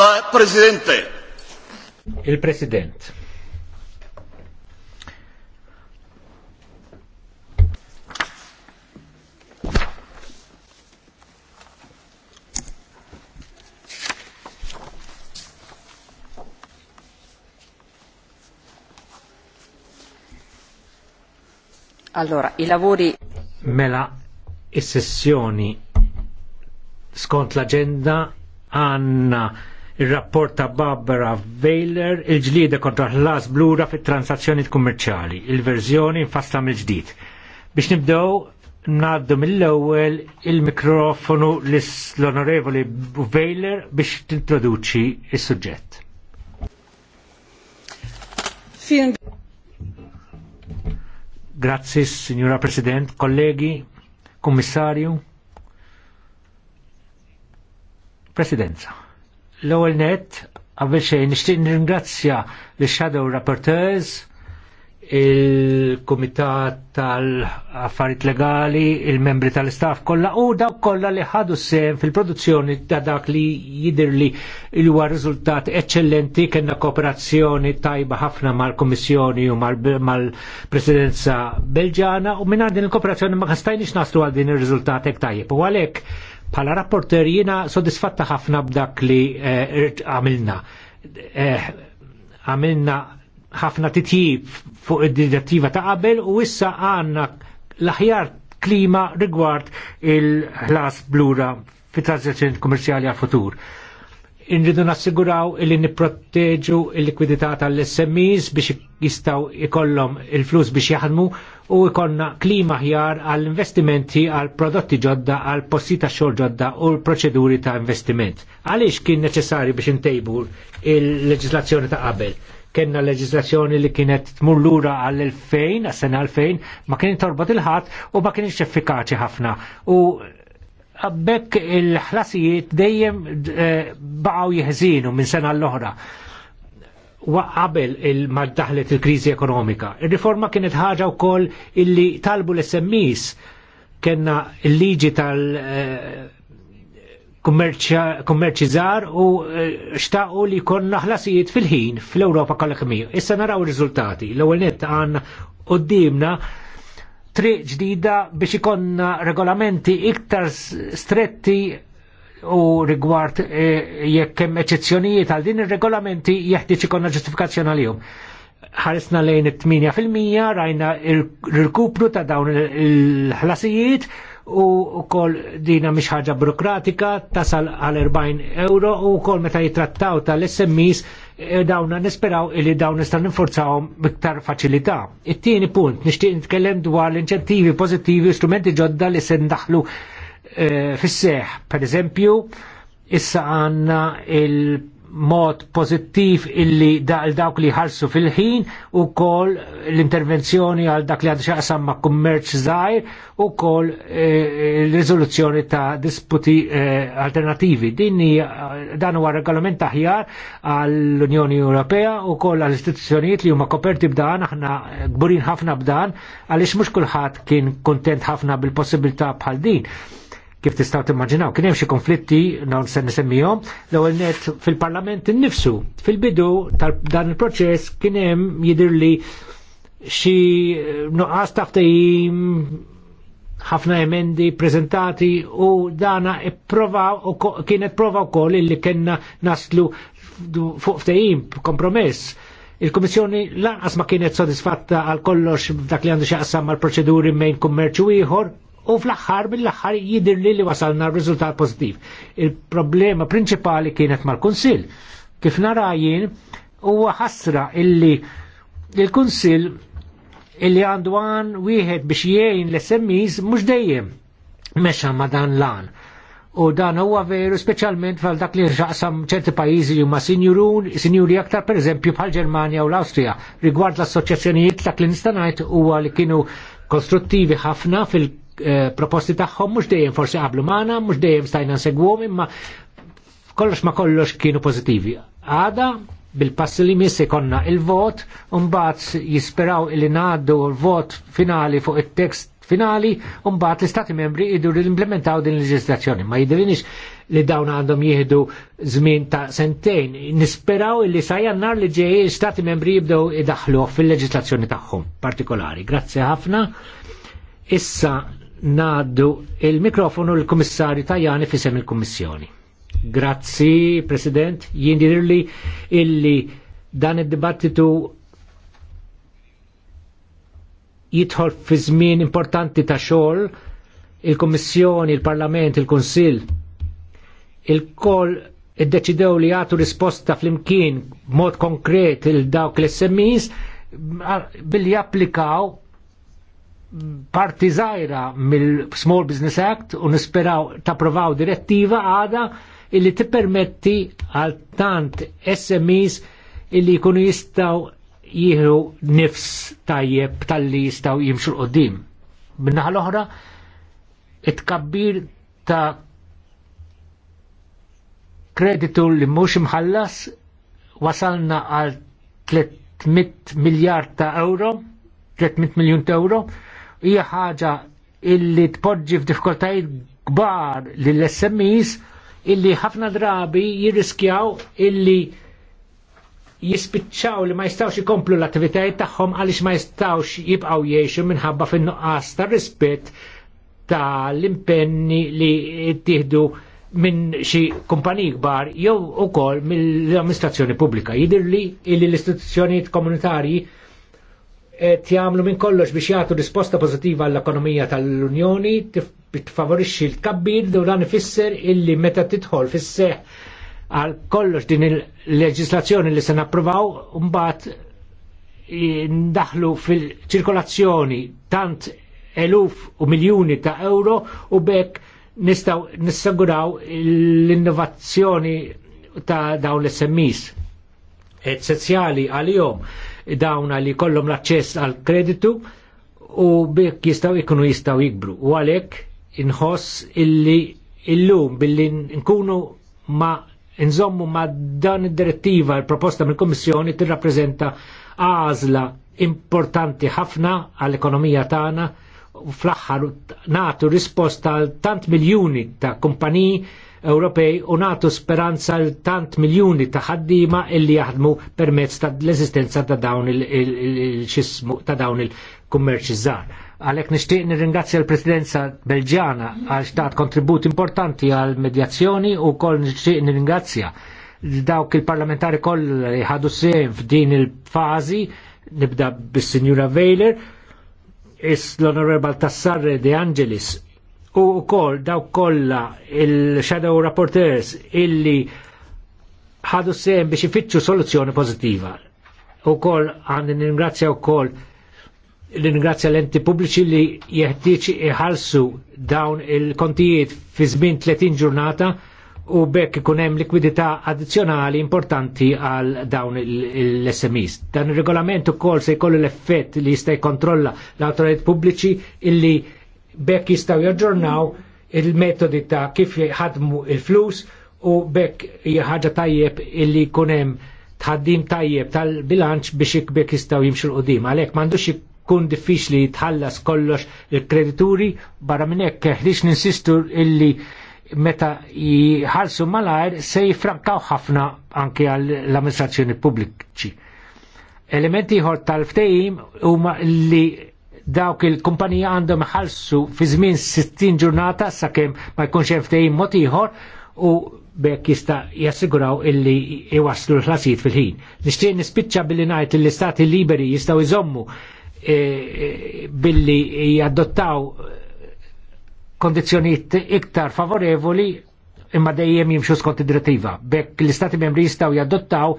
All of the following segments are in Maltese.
La Presidente. Il-President. Allora, i lavori... Mela, is sessioni scont l'agenda hanno il-rapport ta' Barbara Weiler il-ġlida kontra ħlas blura fit transazzjoni kummerċali, il-verżjoni infasta mill-ġdid. Biex nibdew naddu mill-ewwel il-mikrofonu l-Onorevoli Weiler biex t-introduċi il suġġett Grazzi, Signora President, kollegi, Kommissarju, Presidenza. L-ewwel net għabel xejn nixtieq nirringrazzja l-Shadow Rapporteurs, il-Kumitat tal-Affarijiet Legali, il-membri tal-istaff kollha u dawk kollha li ħadu sem fil-produzzjoni ta' dak li jidirli li huwa riżultat eċċellenti kellna kooperazzjoni tajba ħafna mal-Kummissjoni u mal-Presidenza Belġana u minn din il-kooperazzjoni ma kastajniex naslu għal din ir-riżultat hekk tajjeb. U għalhekk Pala rapporter jina sodisfatta ħafna b'dak li eh, għamilna. Eh, għamilna ħafna titjib fuq id-direttiva ta' qabel u issa għanna l-aħjar klima rigward il-ħlas blura fit transazzjoni komerċjali għal futur. Inridu nassiguraw illi nipproteġu il-likwidità tal-SMEs biex jistaw ikollhom il-flus biex jaħdmu u jkollna klima ħjar għall investimenti għal prodotti ġodda għal posti tax xogħol ġodda u l-proċeduri ta' investiment. Għaliex kien neċessarju biex intejbu il-leġislazzjoni ta' qabel? Kenna leġislazzjoni li kienet tmur lura għal-2000, għas-sena 2000, ma kien torbot il-ħadd u ma kienx effikaċi ħafna. U għabbek il-ħlasijiet dejjem eh, baqgħu jeħżinu minn sena l-oħra qabel il-maddaħlet il-krizi ekonomika. Il-riforma kienet ħaġa u koll illi talbu l-SMIs kena il-liġi tal-kummerċizar eh, u eh, xtaqu li konna ħlasijiet fil-ħin fl-Europa kollha kmiju. Issa naraw ir-riżultati. L-ewwel nett għandna qudiemna triq ġdida biex ikonna regolamenti iktar stretti u rigward e, jekk hemm eċezzjonijiet għal din ir-regolamenti jeħtieġ ikollna ġustifikazzjoni għalihom. Ħaresna lejn it-8% fil-mija rajna r rkupru ta' dawn il-ħlasijiet u wkoll dina mhix ħaġa burokratika tasal għal 40 euro u wkoll meta jitrattaw tal sms e, dawna nisperaw illi dawn nistgħu ninforzawhom biktar faċilità. It-tieni punt nixtieq nitkellem dwar l-inċentivi pożittivi u strumenti ġodda li se ndaħlu Eh, fisseħ. Per eżempju, issa għanna il-mod pozittiv illi għal dawk li ħarsu fil-ħin u kol l-intervenzjoni għal dak li għad xaqsam ma' kummerċ zaħir u kol eh, l-rizoluzzjoni ta' disputi eh, alternativi. Dinni dan huwa regolament aħjar għall-Unjoni Ewropea u kol għall-istituzzjonijiet li huma koperti b'dan, aħna gburin ħafna b'dan, għaliex mhux kulħadd kien kontent ħafna bil-possibilità bħal din Kif tistaw timmaġinaw, kien hemm xi konflitti non se nisemmihom l-ewwel net fil-Parlament innifsu. Fil-bidu tal dan il-proċess kien hemm jidher li xi eh, nuqqas taħtejjim ħafna emendi prezentati u dana provaw, kienet prova wkoll illi kellna naslu fuq ftehim kompromess. Il-Komissjoni lanqas ma kienet sodisfatta għal kollox dak li għandu xaqsam mal proċeduri mejn kummerċu ieħor u fl-axħar bil axħar jidir li li wasalna r-riżultat pozittiv. Il-problema principali kienet mal konsil Kif narajin, u huwa ħasra illi il konsil illi għandu għan wieħed biex jgħin l-SMEs mux dejjem meċa ma dan lan. U dan huwa veru speċjalment fal dak li rxaqsam ċerti pajjiżi huma sinjurun, sinjuri aktar pereżempju bħal Ġermanja u l-Awstrija rigward l-assoċjazzjonijiet dak li nista' ngħid huwa li kienu kostruttivi ħafna fil Eh, proposti tagħhom mhux dejjem forsi qablu magħna, mhux dejjem stajna segwhom imma kollox ma kollox kienu pożittivi. Għada bil pass li missi konna il-vot, un-bat jisperaw li ngħaddu l-vot finali fuq il-tekst finali, un-bat l-istati membri idur l-implementaw din l-leġislazzjoni. Ma jidirinix li dawn għandhom jihdu zmin ta' sentejn. Nisperaw li sajannar li ġej l-istati membri jibdew idaħlu fil-leġislazzjoni tagħhom partikolari. Grazzi ħafna. Issa naddu il-mikrofonu l-Kummissarju Tajani fisem il-Kummissjoni. Grazzi, President, jindirli illi dan id-dibattitu jidħol fi żmien importanti ta' xogħol il-Kummissjoni, il-Parlament, il-Kunsill, il-koll iddeċidew li jagħtu risposta flimkien mod konkret il dawk l-SMEs billi japplikaw parti zaħira mill-Small Business Act u nisperaw ta' provaw direttiva għada illi tippermetti għal tant SMEs illi jkunu jistaw jihru nifs tajjeb tal-li jistaw jimxu l-qoddim. Minnaħal oħra, it-kabbir ta' kreditu li mhux imħallas wasalna għal 300 miljard ta' euro, 300 miljon ta' euro, hija ħaġa illi tpoġġi f'diffikultajiet kbar lill-SMEs illi ħafna drabi jirriskjaw illi jispiċċaw li ma jistawx ikomplu l-attivitajiet tagħhom għaliex ma jistawx jibqgħu jgħixu minħabba fin-nuqqas ta' rispett ta' l-impenni li jittieħdu minn xi kumpaniji kbar jew ukoll mill-amministrazzjoni pubblika. Jidir li l-istituzzjonijiet komunitarji qed jagħmlu minn kollox biex jagħtu risposta pożittiva għall-ekonomija tal-Unjoni, tfavorixxi l-kabbir u dan ifisser illi meta tidħol fis-seħ għal kollox din il-leġislazzjoni li se napprovaw mbagħad ndaħlu fil-ċirkolazzjoni tant eluf u miljuni ta' euro u bekk nistaw nissaguraw l-innovazzjoni ta' dawn l-SMEs. Essenzjali għal-jom dawna li kollhom l-aċċess għal kreditu u bekk jistaw ikunu jistaw jikbru. U għalhekk inħoss illi illum billi nkunu ma nżommu ma dan id-direttiva l-proposta mill-Kummissjoni tirrappreżenta għażla importanti ħafna għall-ekonomija tagħna u fl-aħħar natu risposta għal tant miljuni ta' kumpaniji Ewropej u natu speranza l tant miljuni ta' ħaddiema illi jaħdmu permezz ta' l-eżistenza ta' dawn il-xismu ta' dawn il-kummerċi żgħar. Għalhekk nixtieq nirringrazzja l-Presidenza belġana għal xtaħt kontribut importanti għal medjazzjoni u wkoll nixtieq nirringrazzja dawk il-parlamentari kollha li ħadu sejn f'din il fazi nibda bis-Sinjura Vejler is l Tassarre De Angelis u kol daw kolla il-shadow reporters illi ħadu sem biex ifittxu soluzzjoni pozittiva. U kol għandin ningrazzja u kol l-ingrazzja l-enti pubbliċi li jeħtieġ iħalsu dawn il-kontijiet fi żmien 30 ġurnata u bekk ikun hemm likwidità addizzjonali importanti għal dawn l-SMEs. Dan ir-regolament ukoll se jkollu l-effett li jista' jkontrolla l-awtoritajiet pubbliċi illi bekk jistaw jaġġornaw il-metodi ta' kif jħadmu il-flus u bekk jħadja tajjeb illi kunem tħaddim tajjeb tal-bilanċ biex bekk jistaw jimxu l-qoddim. Għalek mandux kun diffiċli jitħallas kollox il-kredituri barra minn hekk ħriġ ninsistu illi meta jħalsu malajr se jifrankaw ħafna anke għall-amministrazzjoni pubbliċi. Elementi ħor tal-ftejim huma li dawk il-kumpanija għandhom ħalsu fi żmien 60 ġurnata sakemm ma jkunx hemm ftehim mod ieħor u bekk jista' jassiguraw illi iwaslu l-ħlasijiet fil-ħin. Nixtieq nispiċċa billi ngħid l-istati liberi jistgħu jżommu e, e, billi jadottaw kondizjoniet iktar favorevoli imma dejjem jimxu skont id-direttiva. Bekk l-istati membri jistgħu jadottaw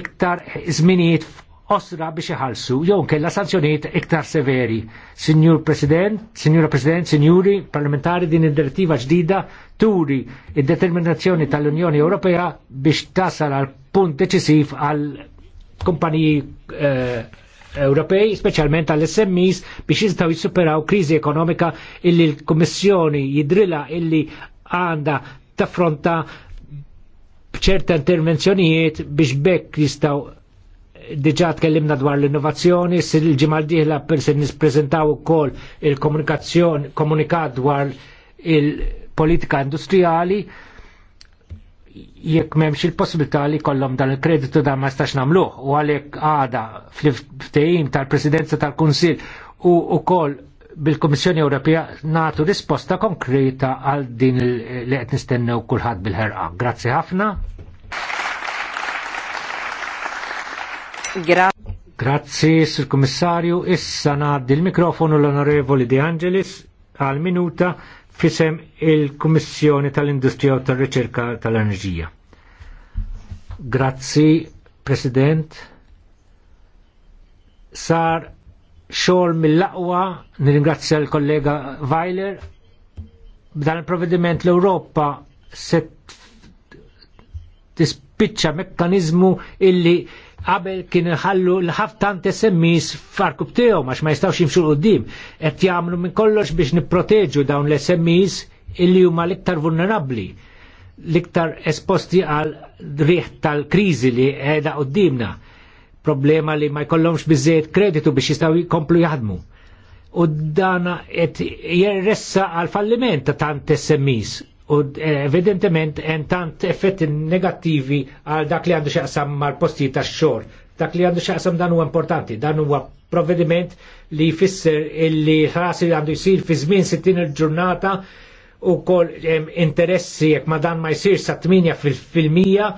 iktar żminijiet osra biex iħalsu, jew kella sanzjonijiet iktar severi. Signor President, Signora President, Signori parlamentari din id-direttiva ġdida turi id-determinazzjoni tal-Unjoni Ewropea biex tasal għal punt deċisiv għal kumpaniji eh, Ewropej, speċjalment għall SMEs biex jistaw jissuperaw kriżi ekonomika illi l-Kummissjoni jidrilla illi għanda taffronta ċerta intervenzjonijiet biex bekk jistaw Diġa tkellimna dwar l-innovazzjoni, s-ġimal diħla perse nisprezentaw ukoll il-komunikazzjoni, komunikat dwar il-politika industrijali, jekk memx il-possibilità li kollom dan il-kreditu da ma stax namluħ u għalek għada fl-ftejim tal-presidenza tal-Kunsil u, wkoll bil-Komissjoni Ewropea natu risposta konkreta għal din li qed nistennew kulħadd bil-ħerqa. Grazzi ħafna. Grazzi, Sir Kommissarju. Issa ngħaddi l-mikrofonu l-Onorevoli De Angelis għal minuta fisem il-Kummissjoni tal-Industrija u tal-Riċerka tal-Enerġija. Grazzi, President. Sar xogħol mill-laqwa, nirringrazzja l-kollega Weiler. B'dan il-provvediment l-Ewropa se tispiċċa mekkanizmu illi qabel kien ħallu l ħaftan SMS farkub tiegħu għax ma jistgħux jimxu l-qudiem qed jagħmlu minn kollox biex nipproteġu dawn l sms illi huma l-iktar vulnerabbli l-iktar esposti għal riħ tal-kriżi li qiegħda qudiemna problema li ma jkollhomx biżejjed kreditu biex jistgħu jkomplu jaħdmu u dana qed jirressa għal falliment ta' tant SMS u eh, evidentement tant effetti negativi għal dak li għandu xaqsam mal posti ta' xor. Dak li għandu xaqsam dan huwa importanti, dan huwa provvediment li jfisser illi ħrasi għandu jisir fi żmien 60 il-ġurnata u kol interessi jekk ma dan ma jisir sa' 8 fil-mija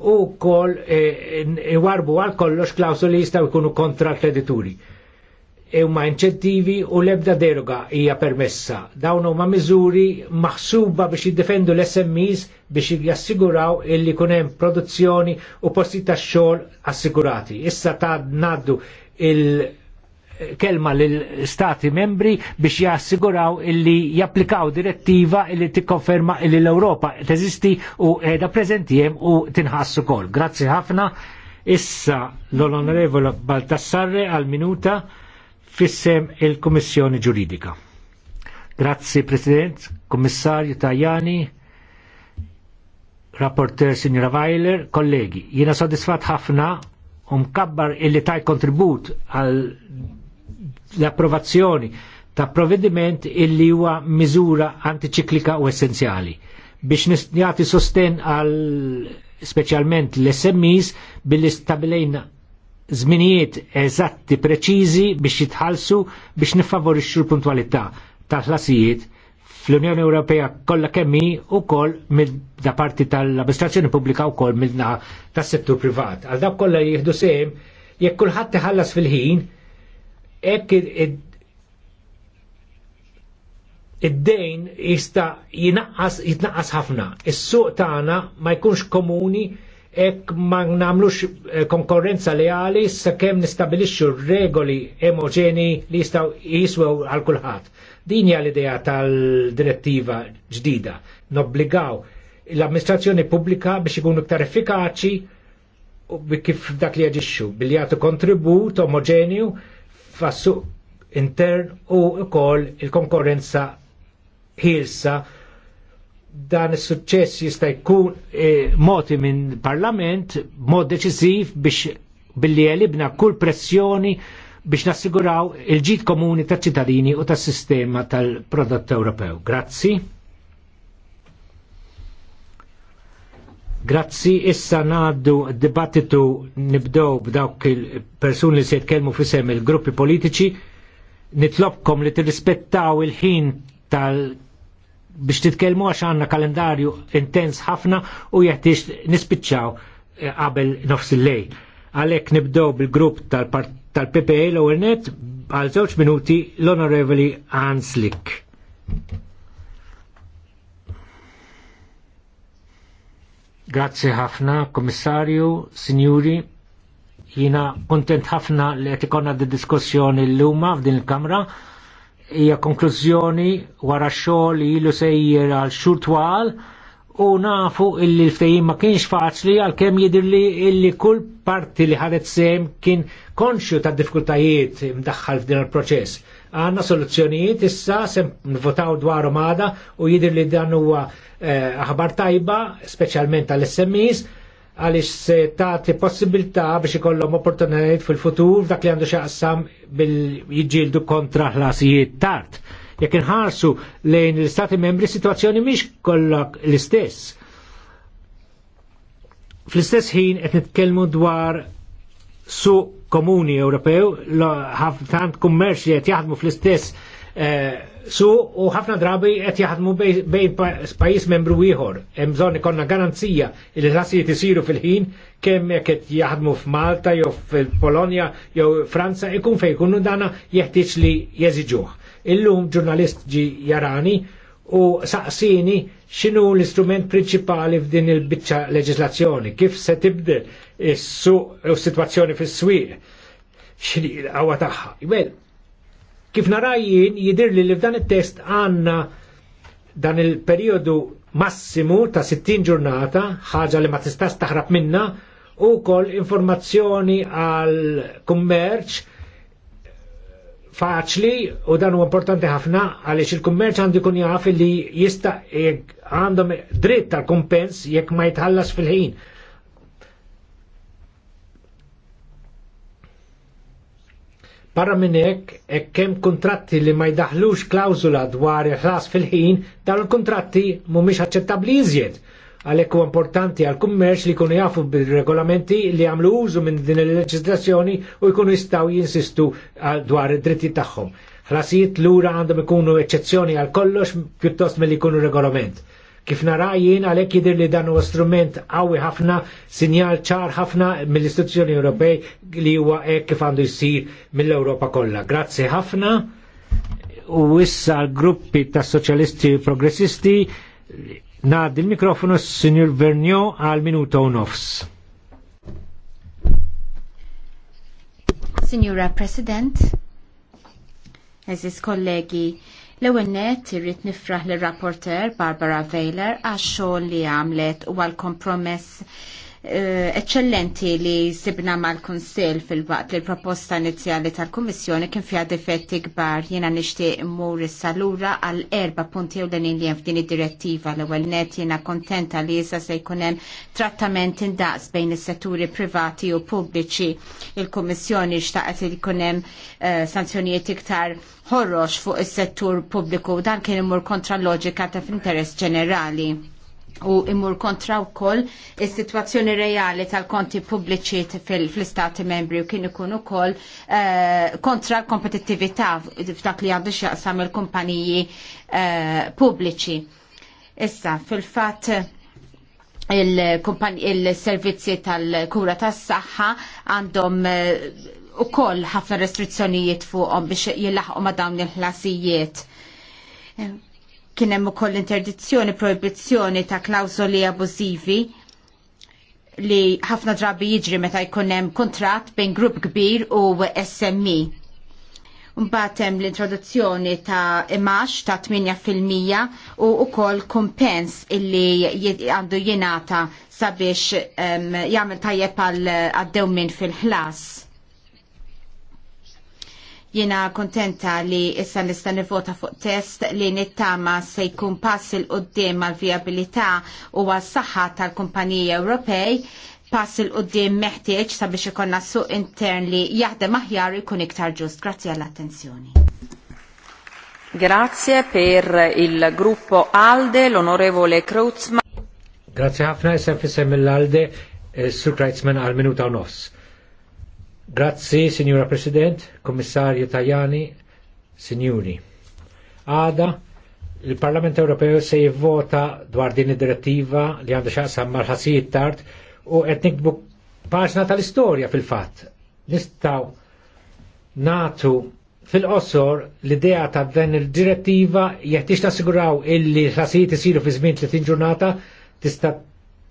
u kol eh, warbu għal kollox klausuli jistaw jkunu kontra l-kredituri E huma inċettivi u l-ebda deroga hija permessa. Dawn huma miżuri maħsuba biex jiddefendu l-SMEs biex jassiguraw illi kun hemm produzzjoni u posti ta' xogħol assigurati. Issa ta' naddu il-kelma l-stati membri biex jassiguraw illi japplikaw direttiva illi tikkonferma illi l-Ewropa teżisti u edha preżenti hemm u tinħassu kol. Grazzi ħafna. Issa l-Onorevole Baltassarre għal minuta fissem il-Kommissjoni Ġuridika. Grazzi President, Kommissarju Tajani, Rapporter Signora Weiler, kollegi, jiena soddisfat ħafna u mkabbar illi taj kontribut għal l-approvazzjoni ta' provvediment illi huwa miżura antiċiklika u essenzjali biex nistjati sosten għal specialment l-SMEs billi stabilejna żminijiet eżatti preċiżi biex jitħallsu biex niffavorixxu l-puntwalità tal-ħlasijiet fl-Unjoni Ewropea kollha kemmi wkoll da parti tal-amministrazzjoni pubblika wkoll mill-naħa tas-settur privat. Għal dak kollha jieħdu sejm jekk kulħadd iħallas fil-ħin hekk id-dejn jista' jitnaqqas ħafna. Is-suq tagħna ma jkunx komuni ek ma namlux eh, konkurrenza leali sakemm nistabilixxu regoli emogeni li jistgħu jiswew għal kulħadd. Din hija l-idea tal-direttiva ġdida. Nobbligaw l-amministrazzjoni pubblika biex ikunu iktar effikaċi kif dak li jaġixxu billi jagħtu kontribut omogenju suq intern u wkoll il-konkurrenza ħilsa dan is-suċċess jista' jkun eh, moti minn parlament mod deċisiv biex billi jelibna kull pressjoni biex nassiguraw il-ġid komuni ta' ċittadini u tas sistema tal-prodott Ewropew. Grazzi. Grazzi, issa naddu dibattitu nibdow b'dawk il-persuni li se jitkelmu fisem il-gruppi politiċi. Nitlobkom li tirrispettaw il-ħin tal biex titkellmu għax għandna kalendarju intens ħafna u jeħtiex nispiċċaw eh, qabel nofs il-lej. Għalhekk nibdew bil-grupp tal-PPA e l net għal żewġ minuti l-Onorevoli Anslik. Grazzi ħafna, Komissarju, Signuri. jina kontent ħafna li qed di diskussjoni l-luma f'din il-Kamra hija konklużjoni wara xogħol li ilu sejjer għal xhur twal u nafu illi l-ftehim ma kienx faċli għalkemm jidher li illi kull parti li ħadet sejm kien konxju ta' diffikultajiet mdaħħal f'din il-proċess. Għanna soluzzjonijiet issa sem nvotaw dwaru mada u jidher li dan huwa eh, aħbar tajba, speċjalment għall smes għalix se tagħti possibilta biex ikollom opportunitajiet fil-futur dak li għandu xaqsam bil jġildu kontra ħlasijiet tard. Jekk inħarsu lejn l-Stati membri situazzjoni miex kollok l-istess. Fl-istess ħin qed nitkellmu dwar su komuni Ewropew, ħafna tant kummerċ li qed jaħdmu fl-istess Eh, su u ħafna drabi qed jaħdmu bejn pajjiż membru ieħor. Hemm bżonn ikollna garanzija li l isiru fil-ħin kemm jekk qed jaħdmu f'Malta jew fil-Polonja jew Franza ikun fejn ikunu dana jeħtieġ li jeżiġuh. Illum ġurnalist ġi jarani u saqsini x'inhu l-istrument prinċipali f'din il-biċċa leġislazzjoni, kif se tibdel is-suq u s-sitwazzjoni fis-swieq x'għawa tagħha. Kif narajjien jidir li li f'dan il-test għanna dan il-periodu massimu ta' 60 ġurnata, ħaġa li ma tistax taħrab minna, u kol informazzjoni għal kummerċ faċli u dan u importanti ħafna għaliex il-kummerċ għandu jkun jaf li jista' għandhom dritt tal-kumpens jekk ma jitħallas fil-ħin Barra minn hekk, hekk hemm li ma jdaħlux klawzula dwar il-ħlas fil-ħin, dan il kontratti mhumiex aċċettabbli iżjed. Għalhekk huwa importanti għal kummerċ li jkunu jafu bil-regolamenti li għamlu użu minn din il leġislazzjoni u jkunu jistgħu jinsistu dwar id-dritti tagħhom. Ħlasijiet lura għandhom ikunu eċċezzjoni għal kollox pjuttost milli jkunu regolament Kif narajjien għalek jidir li dan u strument għawi ħafna, sinjal ċar ħafna mill-istituzzjoni Ewropej li huwa hekk kif għandu jisir mill-Ewropa kollha. Grazzi ħafna u issa l-gruppi ta' soċjalisti progressisti Nad il-mikrofonu s-Sinjur Vernio għal minuta u nofs. Signora President, eżis kollegi, L-ewwel nett irrid nifraħ lir rapporter Barbara Vejler għax xogħol li għamlet u għall kompromess Eh, eccellenti li sibna mal-Konsil fil-waqt li l-proposta inizjali tal-Kommissjoni kien fija difetti kbar jiena nixtieq immur is-salura għal erba punti u l-għanin li f'din id-direttiva l ewwel net jiena kontenta li jisa se jkun hemm trattament indaqs bejn is-setturi privati u pubbliċi. Il-Kommissjoni xtaqet li jkun hemm eh, sanzjonijiet iktar ħorrox fuq is-settur pubbliku dan kien imur kontra l-loġika ta' f'interess ġenerali u imur kontra wkoll is-sitwazzjoni reali tal-konti pubbliċi fl-istati membri u kien ikun ukoll eh, kontra l-kompetittività f'dak li għandu xaqsam il-kumpaniji eh, pubbliċi. Issa, fil-fatt il-servizzi il servizzi tal tas-saħħa għandhom eh, u koll ħafna restrizzjonijiet fuqhom biex jilaħqu ma' dawn il-ħlasijiet. Kien hemm ukoll interdizzjoni, proibizzjoni ta' klawżoli abużivi li ħafna drabi jiġri meta jkun hemm kuntratt bejn grupp kbir u SME. Mbagħad hemm l-introduzzjoni ta' imax ta' 8% u wkoll kumpens illi għandu jingħata sabiex jagħmel tajjeb għal għaddew minn fil-ħlas. Jena kontenta li issa nista nivota fuq test li nittama se jkun pass il-qoddim għal viabilità u għas saħħa tal-kumpaniji Ewropej pass il-qoddim meħtieġ sabiex ikonna suq intern li jaħdem aħjar ikun iktar ġust. Grazzi għall-attenzjoni. Grazie per il gruppo ALDE, l'onorevole Kreutzmann. Grazie ħafna, jessem fissem l-ALDE, eh, Sir Kreutzmann għal minuta u nofs. Grazzi, Signora President, Kommissarju Tajani, Signori. Għada, il-Parlament Ewropew se jivvota dwar din id-direttiva li għandha xaqsam mal-ħasijiet tard u qed nikbu paġna tal-istorja fil-fatt. Nistaw natu fil-qosor l-idea ta' dan il-direttiva jeħtiex nassiguraw illi ħasijiet isiru fi żmien 30 ġurnata tista'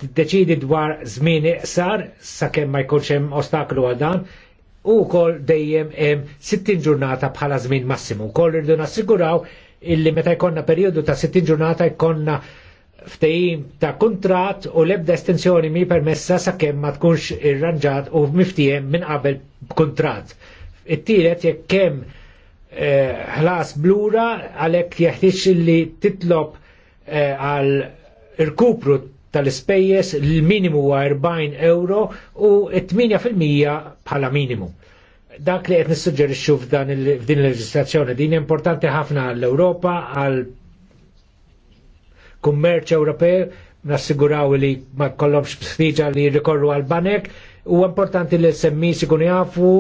tiddeċidi dwar żmien iqsar sakemm ma jkunx hemm ostaklu għal dan u kol dejjem 60 ġurnata bħala żmien massimu. Kol irdu nassiguraw illi meta jkonna periodu ta' 60 ġurnata jkonna ftejim ta' kontrat u lebda estensjoni mi permessa sa' kemm ma tkunx irranġat u miftijem minn qabel kontrat. It-tielet jekk kemm eh, ħlas blura għalhekk jeħtieġ li titlob eh, għal irkupru tal-ispejjeż l-minimu huwa 40 euro u 8% bħala minimu. Dak li qed nissuġġerixxu f'dan f'din il-leġislazzjoni din importanti ħafna għall-Ewropa għal kummerċ Ewropew nassiguraw li ma kollomx ftiġa li rikorru għal banek u importanti li l-semmis ikunu jafu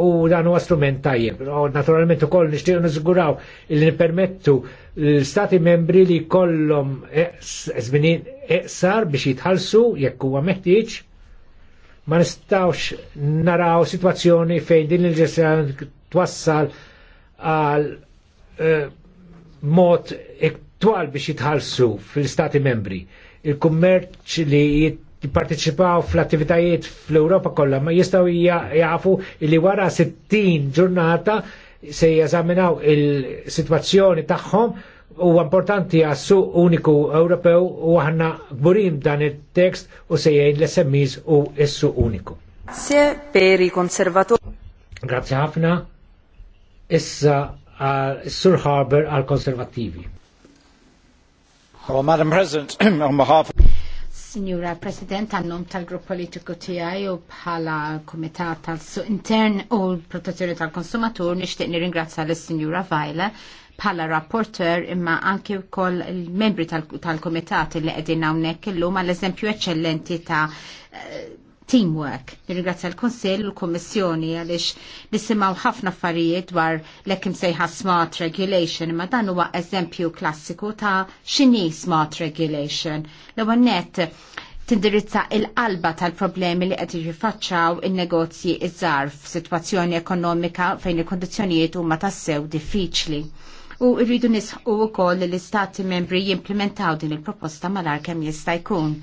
u dan huwa strument tajjeb. Naturalment ukoll nixtieq il li nipermettu l-stati membri li kollom żminin eqsar biex jitħallsu jekk huwa meħtieġ ma nistawx naraw situazzjoni fejn din il-ġestjoni twassal għal eh, mod twal biex jitħallsu fil-stati membri. Il-kummerċ li jit jipparteċipaw fl-attivitajiet fl-Europa kollha, ma jistgħu jafu li wara 60 ġurnata se jeżaminaw il-sitwazzjoni tagħhom u importanti għassu uniku Ewropew u għanna gburim dan il-tekst u se jgħin l-SMIs u issu uniku. Se per i konservatori. Grazie ħafna. Issa uh, Sur Harbour għal konservativi. Well, Madam President, on behalf Signora President, għannum tal-grupp politiku tijaj u bħala komitat tal-suq intern u protezzjoni tal-konsumatur nishtiq nirringrazza l-Signora Vajla bħala rapporter imma anki wkoll il-membri tal-komitat li qegħdin hawnhekk illum għall eżempju eccellenti ta' teamwork. Nirringrazzja l-Konsil u l-Kommissjoni għaliex nisimgħu ħafna affarijiet dwar l-ekim sejħa smart regulation, imma dan huwa eżempju klassiku ta' x'inhi smart regulation. L-ewwel net tindirizza il-qalba tal-problemi li qed jiffaċċaw in-negozji iż-żar f'sitwazzjoni ekonomika fejn il-kondizzjonijiet huma tassew diffiċli. U rridu nisħu wkoll li l-istati membri jimplementaw din il-proposta malar kemm jista' jkun.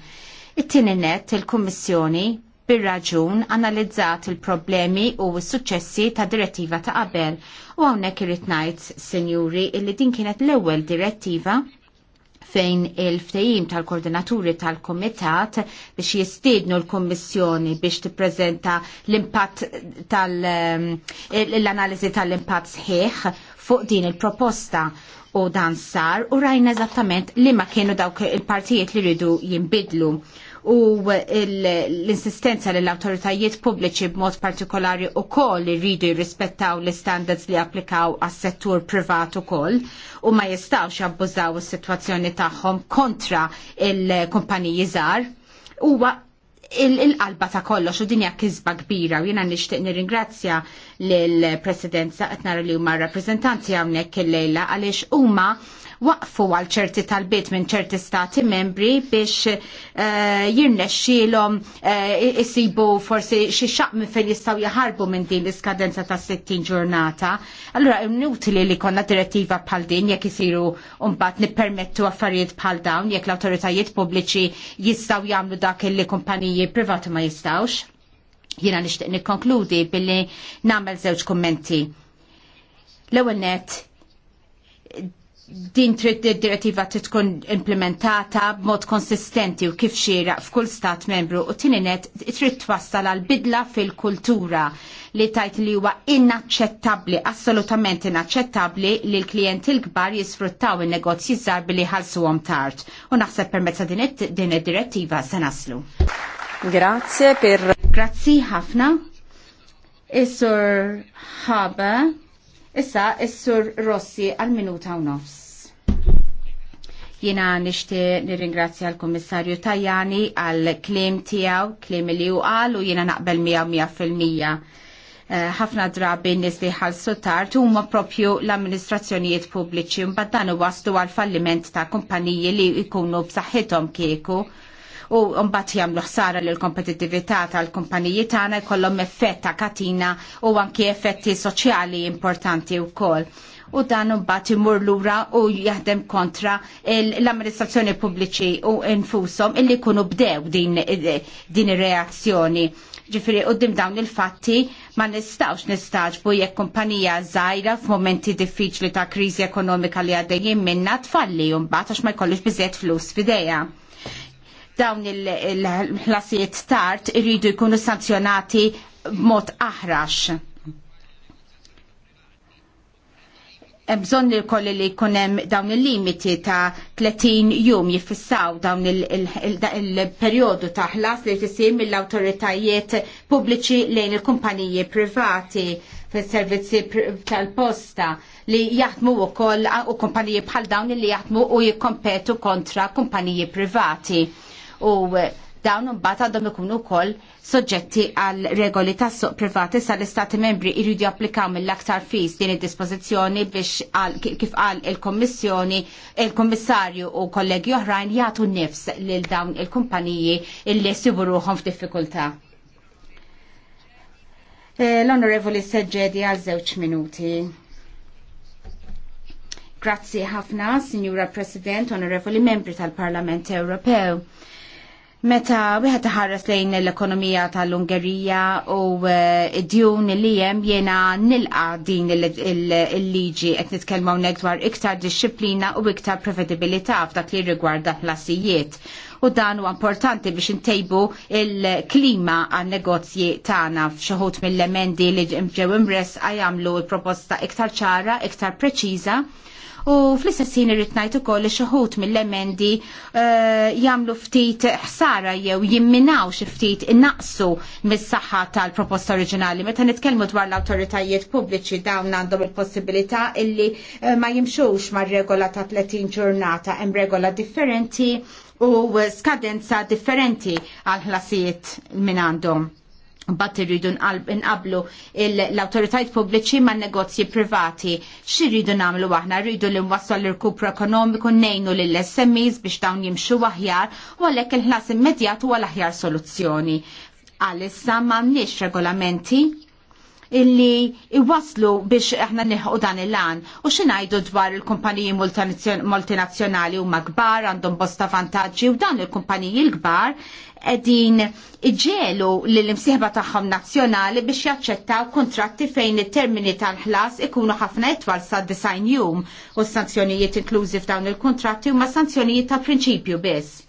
It-tieni net il-Kummissjoni bir-raġun analizzat il-problemi u s-suċċessi ta' direttiva ta' qabel. U hawnhekk irrit ngħid, Sinjuri, illi din kienet l-ewwel direttiva fejn il-ftejim tal-koordinaturi tal-komitat biex jistidnu l-kommissjoni biex tippreżenta l-impatt tal-analizi ehm, tal-impatt sħiħ fuq din il-proposta u dan sar u rajna eżattament li ma kienu dawk il-partijiet li ridu jimbidlu u l-insistenza li l-autoritajiet pubbliċi b'mod partikolari u koll irridu jirrispettaw l-standards li applikaw għas settur privat u koll u ma jistawx jabbużaw is-sitwazzjoni tagħhom kontra il-kumpaniji żgħar huwa il-qalba ta' kollox u dinja kizba kbira u jena nishtiq nirringrazzja l-presidenza qed nara li huma rappresentanti hawnhekk il-lejla għaliex huma waqfu għal ċerti talbiet minn ċerti stati membri biex eh, jirnexxilhom eh, isibu forsi xi xaqmi fejn jistgħu jaħarbu minn din l-iskadenza ta' 60 ġurnata. Allura inutili li konna direttiva bħal din jekk isiru mbagħad nippermettu affarijiet bħal dawn jekk l-awtoritajiet pubbliċi jistgħu jagħmlu dak li kumpaniji privati ma jistgħux. Jiena nixtieq nikkonkludi billi nagħmel żewġ kummenti. L-ewwel din trid direttiva tkun implementata b'mod konsistenti u kif xira f'kull stat membru u tininet trid twassal għal bidla fil-kultura li tajt li huwa inaċċettabbli, assolutament inaċċettabbli li l-klijent il-kbar jisfruttaw in-negozji żgħar billi ħalsuhom tard. U naħseb permezza din id-direttiva se naslu. Grazie per Grazzi ħafna. Isur Haber Issa, is-sur Rossi għal-minuta u nofs. Jina nishti nirringrazzja l kommissarju Tajani għal-klim tijaw, klim li u għal u jina naqbel 100-100%. Eh, ħafna drabi nisli li ħalsu tard huma propju l-amministrazzjonijiet pubbliċi mbagħad dan waslu għal falliment ta' kumpaniji li jkunu b'saħħithom kieku u mbagħad jagħmlu ħsara lil kompetittività tal-kumpaniji tagħna jkollhom effett ta' katina u anki effetti soċjali importanti wkoll u dan mbagħad imur lura u jaħdem kontra l-amministrazzjoni pubbliċi u infushom illi jkunu bdew din, din ir-reazzjoni. Ġifieri qudiem dawn il-fatti ma nistgħux nistaġbu jekk kumpanija żgħira f'momenti diffiċli ta' kriżi ekonomika li għaddejjin minna tfalli u mbagħad għax ma jkollux biżejjed flus f'idejha dawn il-ħlasijiet start irridu jkunu sanzjonati b'mod aħrax. bżonn l kolli li kunem dawn il-limiti ta' 30 jum jifissaw dawn il-periodu ta' ħlas li tisir mill-autoritajiet pubbliċi lejn il-kumpaniji privati fil-servizzi tal-posta li jaħdmu u koll u kumpaniji bħal dawn li jaħdmu u jikkompetu kontra kumpaniji privati u eh, dawn imbagħad għandhom ikunu wkoll soġġetti għal regoli tas suq privati sal-istati membri jridu japplikaw mill-aktar fis din id-dispożizzjoni biex kif qal il-Kommissjoni, il-Kommissarju u kollegi oħrajn jagħtu nifs lil dawn il-kumpaniji illi siburuhom f'diffikultà. Eh, L-Onorevoli Seġġedi għal żewġ minuti. Grazzi ħafna, Signora President, Onorevoli Membri tal-Parlament Ewropew Meta wieħed iħarres lejn l-ekonomija tal-Ungerija u eh, id-djun li hemm jiena nilqa din il-liġi qed nitkellmu hawnhekk dwar iktar disċiplina u iktar prevedibilità f'dak li rigwarda ħlasijiet. U dan huwa importanti biex intejbu il-klima għan negozji tagħna f'xiħud mill-emendi li ġew imres jagħmlu l-proposta iktar ċara, iktar preċiża u fl-istessin irrit ngħid ukoll li xi wħud mill-emendi eh, jagħmlu ftit ħsara jew jimminaw xi ftit innaqsu mis-saħħa tal-proposta oriġinali. Meta nitkellmu dwar l-awtoritajiet pubbliċi dawn għandhom il-possibilità illi eh, ma jimxux mar-regola ta' 30 ġurnata hemm regola differenti u skadenza differenti għal ħlasijiet minn għandhom. Bat irridu nqablu l-autoritajt pubbliċi ma' negozji privati. Xi rridu nagħmlu aħna, rridu li nwasslu l-irkupru ekonomiku nejnu lill smis biex dawn jimxu aħjar u għalhekk il-ħlas immedjat huwa l-aħjar soluzzjoni. Għalissa m'għandniex regolamenti illi iwaslu biex aħna neħu dan il-lan. U xinajdu dwar il-kumpaniji multinazzjonali u magbar għandhom bosta vantaġġi u dan il-kumpaniji l-gbar edin iġelu l-imsieħba tagħhom nazzjonali biex jaċċettaw kontratti fejn it-termini tal-ħlas ikunu ħafna itwal sa' design jum u s sanzjonijiet inklużi f'dawn il-kontratti huma sanzjonijiet ta' prinċipju biss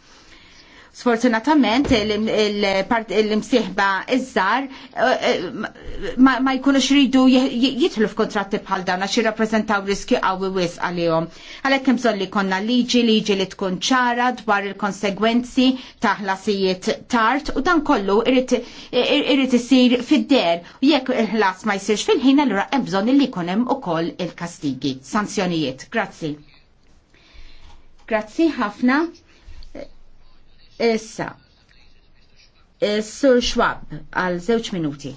Sfortunatament il-msieħba iż-żar eh, eh, ma jkunux ridu jitlu f'kontratti bħal dawn għax jirrappreżentaw riskju qawwi wis għalihom. Għalhekk hemm bżonn li konna liġi, liġi li tkun ċara dwar il-konsegwenzi ta' ħlasijiet tard u dan kollu irrid isir fid-der u jekk il-ħlas ma jsirx fil-ħin allura hemm bżonn li jkun hemm ukoll il-kastigi, sanzjonijiet. Grazzi. Grazzi ħafna. Issa, eh, Sur Schwab għal żewġ minuti.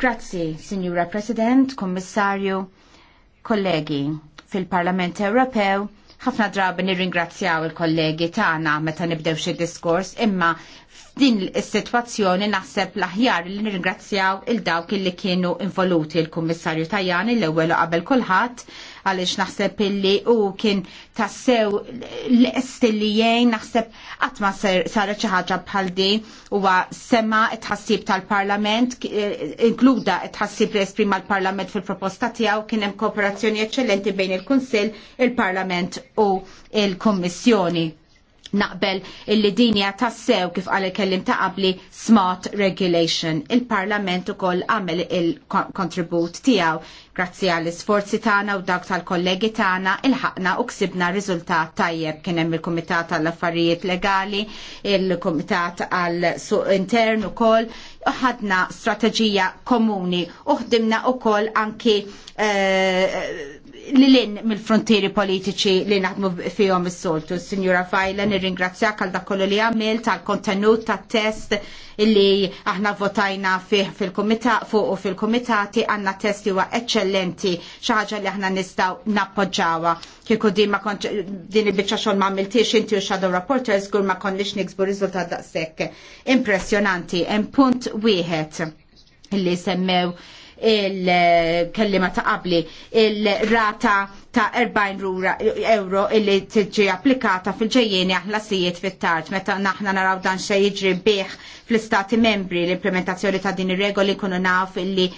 Grazzi, Signora President, Kommissarju, kollegi fil-Parlament Ewropew. Ħafna drabi nirringrazzjaw il-kollegi tagħna meta nibdew xi diskors, imma f'din is-sitwazzjoni naħseb l-aħjar li nirringrazzjaw il dawk li kienu involuti l-Kummissarju Tajani l-ewwel qabel kulħadd għaliex naħseb illi u kien tassew l-est jgħin naħseb għatma sara xi ħaġa bħal di huwa sema it tal-Parlament, eh, inkluda it-ħassib li esprima l-Parlament fil-proposta tiegħu kien hemm kooperazzjoni eċċellenti bejn il-Kunsill, il-Parlament u il-Kommissjoni naqbel illi dinja tassew kif għal kellim ta' qabli smart regulation. Il-parlament ukoll għamel il-kontribut tiegħu Grazzi għall isforzi tagħna u dawk tal-kollegi tagħna il-ħaqna u ksibna riżultat tajjeb kien hemm il-Kumitat għall-Affarijiet Legali, il-Kumitat għall suq Intern ukoll, ħadna strateġija komuni u ħdimna ukoll anki uh, li lin mill-frontieri politiċi li naħdmu fihom is-soltu. Sinjura Fajla, nirringrazzjak għal dakollu li għamil tal-kontenut tat-test li aħna votajna fih fil-komita fuq u fil-komitati għanna test li huwa eċċellenti xi ħaġa li aħna nistgħu nappoġġawha. Kieku din ma konċ din il-biċċa xogħol ma għamiltix inti u shadow reporters żgur ma konniex niksbu riżultat daqshekk. Impressjonanti, hemm punt wieħed illi semmew il-kellima ta' qabli il-rata ta' 40 euro illi tiġi applikata fil-ġejjeni aħlasijiet fit-tard meta naħna naraw dan xe jiġri bih fl-istati membri l-implementazzjoni ta' din ir-regoli kunu naf illi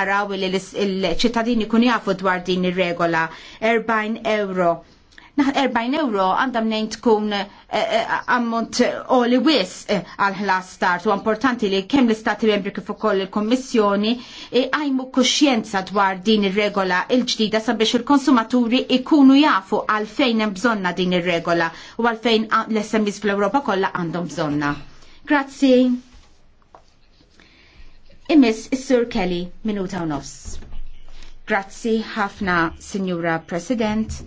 naraw illi l-ċittadini kunu jafu dwar din ir-regola 40 euro naħ 40 euro għandha mnejn tkun eh, eh, ammont o li wis eh, għal ħlas start u importanti li kemm l-istati membri kif ukoll il-Kommissjoni għajmu kuxjenza dwar din ir-regola il-ġdida sabiex il-konsumaturi ikunu jafu għal fejn hemm bżonna din ir-regola u għal fejn l-SMEs fl-Ewropa kollha għandhom bżonna. Grazzi. Imis is-Sur Kelly minuta u nofs. Grazzi ħafna, Signora President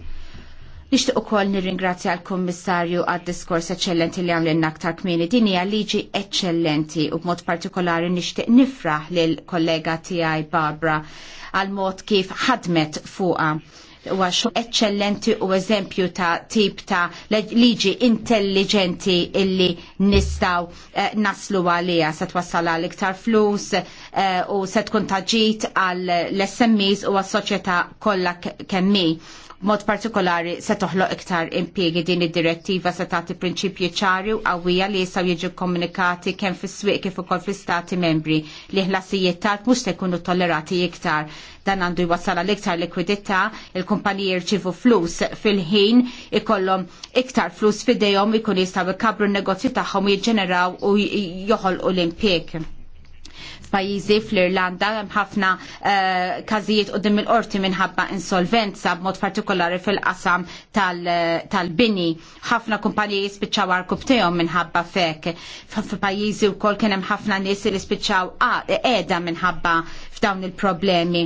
Nixtieq ukoll nirringrazzja l-Kummissarju għad-diskors eċċellenti li għamlin aktar kmieni. Din hija liġi eċċellenti u b'mod partikolari nixtieq nifraħ lil kollega tiegħi Barbara għal mod kif ħadmet fuqha huwa għaxu eċċellenti u eżempju ta' tip ta' liġi intelligenti illi nistaw eh, naslu għalija se twassal għal iktar flus eh, u se tkun taġit għall l-SMEs u għas-soċjetà kollha kemmi mod partikolari se toħloq iktar impjiegi din id-direttiva se tagħti prinċipji ċari u qawwija li jistgħu jiġu komunikati kemm fis-swieq kif ukoll fl-istati membri li ħlasijiet tard mhux se jkunu tollerati iktar. Dan għandu jwassal l iktar likwidità, il-kumpaniji jirċivu flus fil-ħin, ikollhom iktar flus fidejhom ikun jistgħu ikabru n-negozju tagħhom u jiġġeneraw u joħolqu l-impjeg. F'pajjiżi fl-Irlanda hemm ħafna eh, każijiet qudiem il-qorti minħabba insolvenza b'mod partikolari fil-qasam eh, tal-bini. Ħafna kumpaniji spiċċaw għarkub tiegħu minħabba fek. F'pajjiżi wkoll kien hemm ħafna nies li spiċċaw ah, e-, qiegħda minħabba dawn il-problemi.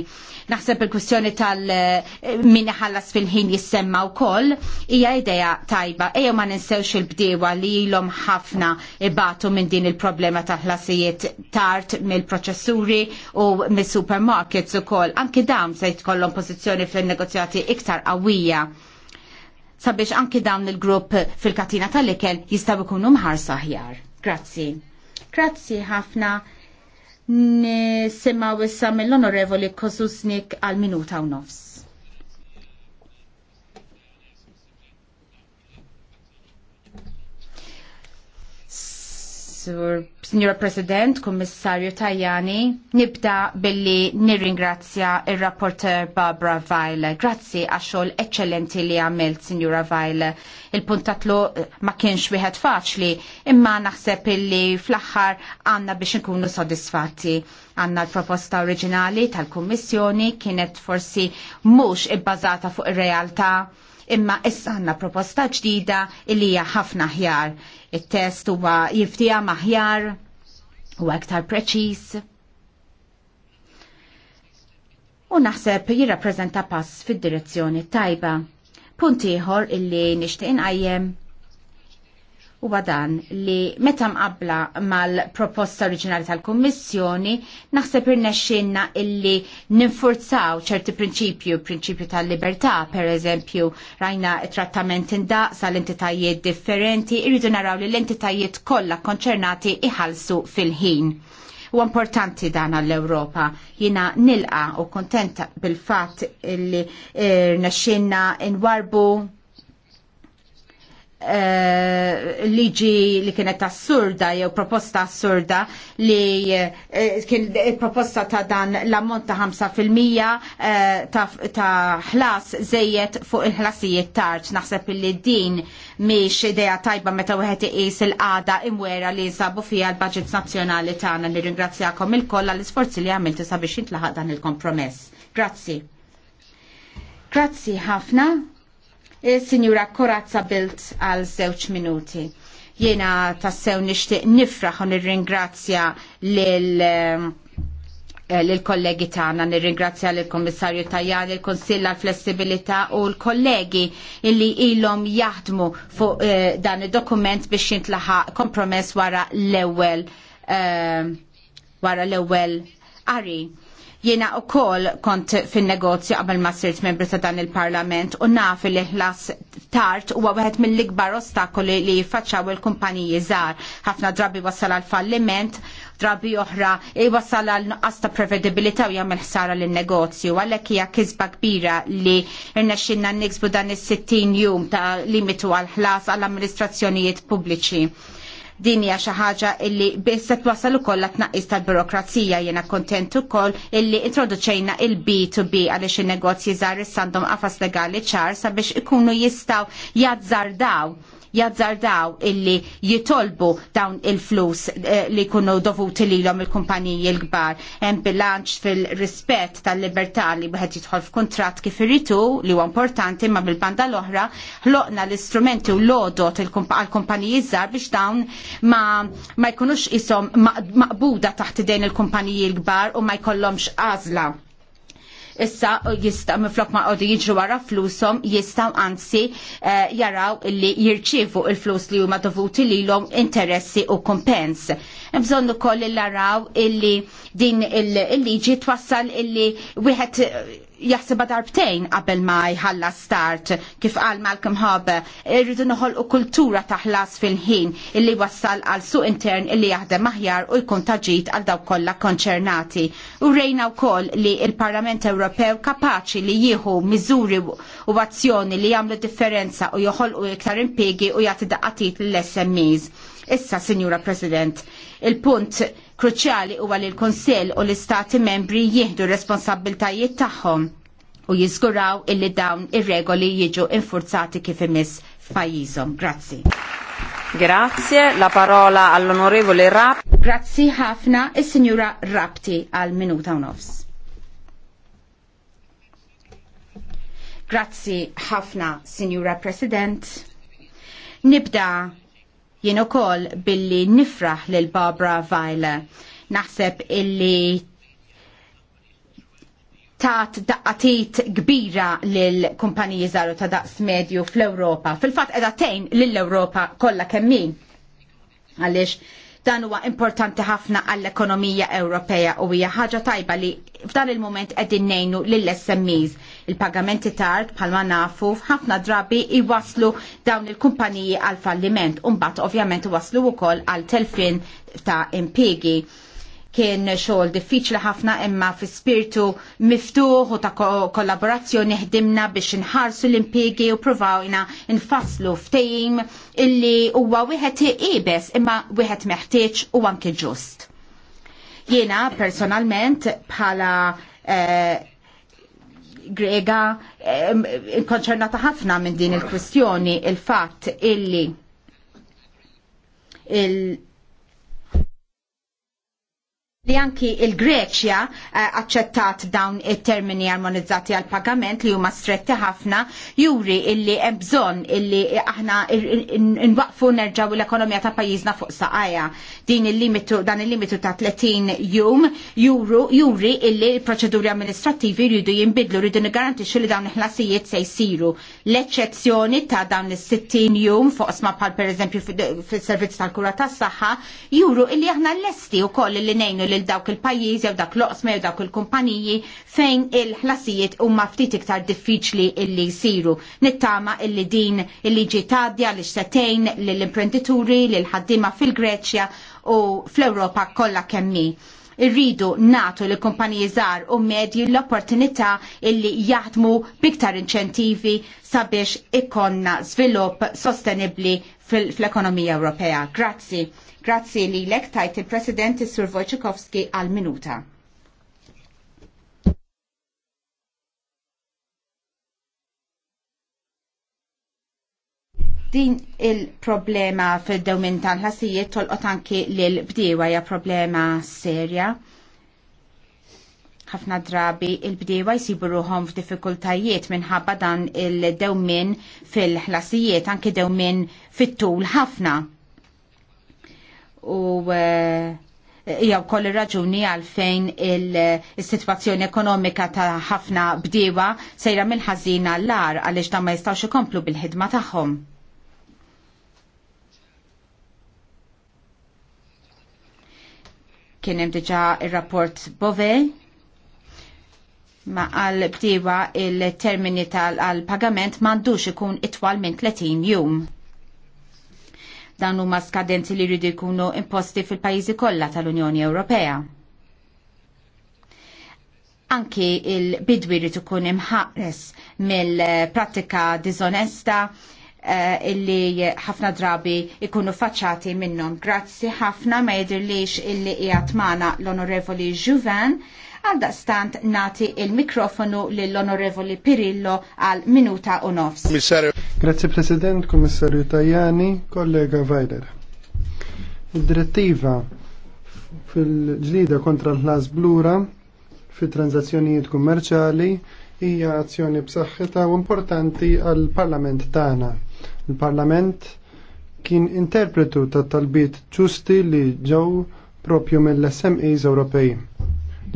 Naħseb il-kwistjoni tal eh, min ħallas fil-ħin jissemma wkoll hija idea tajba ejja ma ninsewx il-bdiewa li ilhom ħafna ibatu minn din il-problema ta' ħlasijiet tard mill-proċessuri u mis-supermarkets ukoll. Anki dawn se jitkollhom pożizzjoni fil-negozjati iktar qawwija sabiex anki dawn il-grupp fil-katina tal-ikel jistgħu jkunu mħar saħjar. Grazzi. Grazzi ħafna nisimaw issa mill-onorevoli Kosusnik għal minuta u nofs. Sur Signora President, Kommissarju Tajani, nibda billi nirringrazzja il-rapporter Barbara Vajle. Grazzi għaxol eccellenti li għamilt, Signora Vajle. Il-puntatlu eh, ma kienx wieħed faċli, imma naħseb illi fl-axħar għanna biex nkunu sodisfatti. Għanna l-proposta oriġinali tal-Kommissjoni kienet forsi mux ibbażata fuq ir-realtà imma issa għandna proposta ġdida illi hija ħafna ħjar. Il-test huwa jiftija maħjar u aktar preċiż. U naħseb jirrappreżenta pass fid-direzzjoni tajba. Punt ieħor illi nixtieq inqajjem huwa dan li meta mqabla mal-proposta oriġinali tal-Kommissjoni naħseb irnexxinna illi ninfurzaw ċerti prinċipju, prinċipju tal-libertà, per eżempju, rajna trattament indaqs għal entitajiet differenti, irridu naraw li l-entitajiet kollha konċernati iħalsu fil-ħin. U importanti dan għall-Europa. Jina nilqa u kontenta bil-fat illi irnexxinna nwarbu Eh, liġi li kienet assurda jew proposta assurda li eh, kien eh, proposta ta' dan l-ammont ta' 5% ta', ta ħlas zejjed fuq il-ħlasijiet tard. Naħseb li din miex ideja tajba meta wieħed iqis il-qada imwera li sabu fija l-budget nazzjonali tagħna li ringrazzjakom il-koll għall-isforzi li għamiltu sabiex jintlaħaq dan il-kompromess. Grazzi. Grazzi ħafna. Eh, Signora Korazza Bilt għal żewġ minuti. Jena tassew nishtiq nifraħ u nirringrazzja lil eh, eh, l-kollegi tagħna nirringrazzja l komissarju Tajjani, l-Konsill l flessibilità u l-kollegi illi ilhom jaħdmu fuq dan id-dokument biex jintlaħa kompromess wara l-ewwel wara l-ewwel qari Jiena u kol kont fin negozju qabel ma sirt membru ta' dan il-parlament u naf li ħlas tard u għawet mill-ikbar ostakoli li jiffaċċaw il-kumpaniji żgħar. Ħafna drabi wasal għal falliment, drabi oħra wassal għal nuqqas ta' prevedibilita u jgħamil ħsara lin negozju għalhekk hija kisba kbira li rnexxinna niksbu dan is-60 jum ta' limitu għal ħlas għall amministrazzjonijiet pubbliċi Din hija xi ħaġa illi biss se twassal ukoll tnaqqis tal-birokrazija jiena kontent ukoll illi introduċejna il-B2B għaliex in-negozji żgħar issandhom qafas legali ċar sabiex ikunu jistgħu jazzardaw jazzardaw illi jitolbu dawn il-flus eh, li jkunu dovuti lilhom il-kumpaniji l-kbar. Hemm bilanċ fil-rispett tal-libertà li wieħed jidħol f'kuntratt kif irritu li huwa importanti ma bil-banda l-oħra ħloqna l-istrumenti u l-odot għal-kumpaniji żgħar biex dawn ma, ma jkunux isom maqbuda taħt id-dejn il-kumpaniji l-kbar u ma jkollhomx għażla issa jista' miflok ma qogħdu jiġru wara flushom jistgħu anzi eh, jaraw li jirċievu il-flus li huma dovuti lilhom interessi u kompens Bżonn ukoll il naraw illi din il-liġi twassal illi wieħed eh, jaħseba darbtejn qabel ma jħalla start kif qal Malcolm Harbour irridu noħolqu kultura ta' ħlas fil-ħin illi wassal għal suq intern illi jaħdem aħjar u jkun taġit għal dawk kollha konċernati. U rejna wkoll li l parlament Ewropew kapaċi li jieħu miżuri u azzjoni li jagħmlu differenza u joħolqu iktar impjiegi u jagħti daqqatit lill smes Issa, Sinjura President, Il-punt kruċjali huwa li l-Kunsell u l-Istati membri jieħdu responsabiltajiet tagħhom u jiżguraw illi dawn ir-regoli jiġu infurzati kif imiss f'pajjiżhom. Grazzi. Grazie, la parola all'onorevole Rap. Grazzi ħafna, e sinjura Rapti al minuta u nofs. Grazzi ħafna, President. Nibda jien ukoll billi nifraħ lil Barbara Weiler. Naħseb illi tat daqqatit kbira lil kumpaniji żaru ta' daqs medju fl-Ewropa. Fil-fatt edha tgħin lill-Ewropa kollha kemmin. Għaliex Dan huwa importanti ħafna għall-ekonomija Ewropea u hija ħaġa tajba li f'dan il-moment qegħdin ngħinu lill-SMEs. Il-pagamenti tard bħalma nafu f'ħafna drabi iwaslu dawn il-kumpaniji għal falliment u mbagħad ovvjament waslu wkoll għal telfin ta' impjiegi kien xogħol diffiċli ħafna imma fi spiritu miftuħ u ta' kollaborazzjoni ħdimna biex inħarsu l impiegi u provawna nfasslu f'tehim illi huwa wieħed iqibes imma wieħed meħtieġ u anke ġust. Jiena personalment bħala eh, grega eh, ħafna minn din il-kwistjoni il-fatt illi il- li anki il-Greċja eh, aċċettat dawn it-termini armonizzati għal pagament li huma stretti ħafna juri illi hemm bżonn illi aħna nwaqfu nerġgħu l-ekonomija ta' pajjiżna fuq saqajja. Din il-limitu dan il-limitu ta' 30 jum juru juri illi l-proċeduri amministrattivi jridu jinbidlu rridu nigarantixxu li dawn il-ħlasijiet se jsiru. L-eċċezzjoni ta' dawn is-60 jum fuq sma bħal pereżempju fis-servizz tal-kura tas-saħħa juru illi aħna lesti wkoll li ngħinu lil dawk il pajjiż jew dak l-oqsma jew dawk il-kumpaniji fejn il-ħlasijiet huma ftit iktar diffiċli illi jsiru. Nittama illi din il-liġi tadja li xsetejn lill imprendituri lil ħaddiema fil-Greċja u fl-Ewropa kollha kemmi irridu natu li kumpanji żgħar u medji l-opportunità illi jaħdmu biktar inċentivi sabiex ikonna svilupp sostenibli fl-ekonomija Ewropea. Grazzi. Grazzi li lek tajt il-President Sur Wojciechowski għal-minuta. Din il-problema fil-dewmin tal-ħasijiet tolqot anki l-bdiewa ja problema serja. ħafna drabi il-bdiewa jsibu ruħom f'diffikultajiet minħabba dan il-dewmin fil-ħlasijiet, anki dewmin fit-tul ħafna. U eh, jew koll ir-raġuni għalfejn il-sitwazzjoni ekonomika ta' ħafna bdiewa sejra mill-ħażin għall għar għaliex dan ma jistgħux ikomplu bil-ħidma tagħhom. Kien hemm diġà ir-rapport Bove ma għal bdiewa il-termini tal-pagament m'għandux ikun itwal minn 30 jum. Dan huma skadenti li jridu jkunu imposti fil-pajjiżi kollha tal-Unjoni Ewropea. Anki il-bidwi rrid ikun imħares mill-prattika dizonesta Eh, illi ħafna drabi ikunu faċċati minnhom. Grazzi ħafna ma jidirlix illi qiegħed magħna l-Onorevoli Juven għaldaqstant nati il-mikrofonu lill-Onorevoli Pirillo għal minuta u nofs. Grazzi President, Kummissarju Tajani, kollega Vajder. Id-direttiva fil-ġlida kontra l-ħlas blura fit-transazzjonijiet kummerċali hija azzjoni b'saħħitha u importanti għall parlament tagħna Il-Parlament kien interpretu ta' talbit ġusti li ġew propju mill-SMEs Ewropej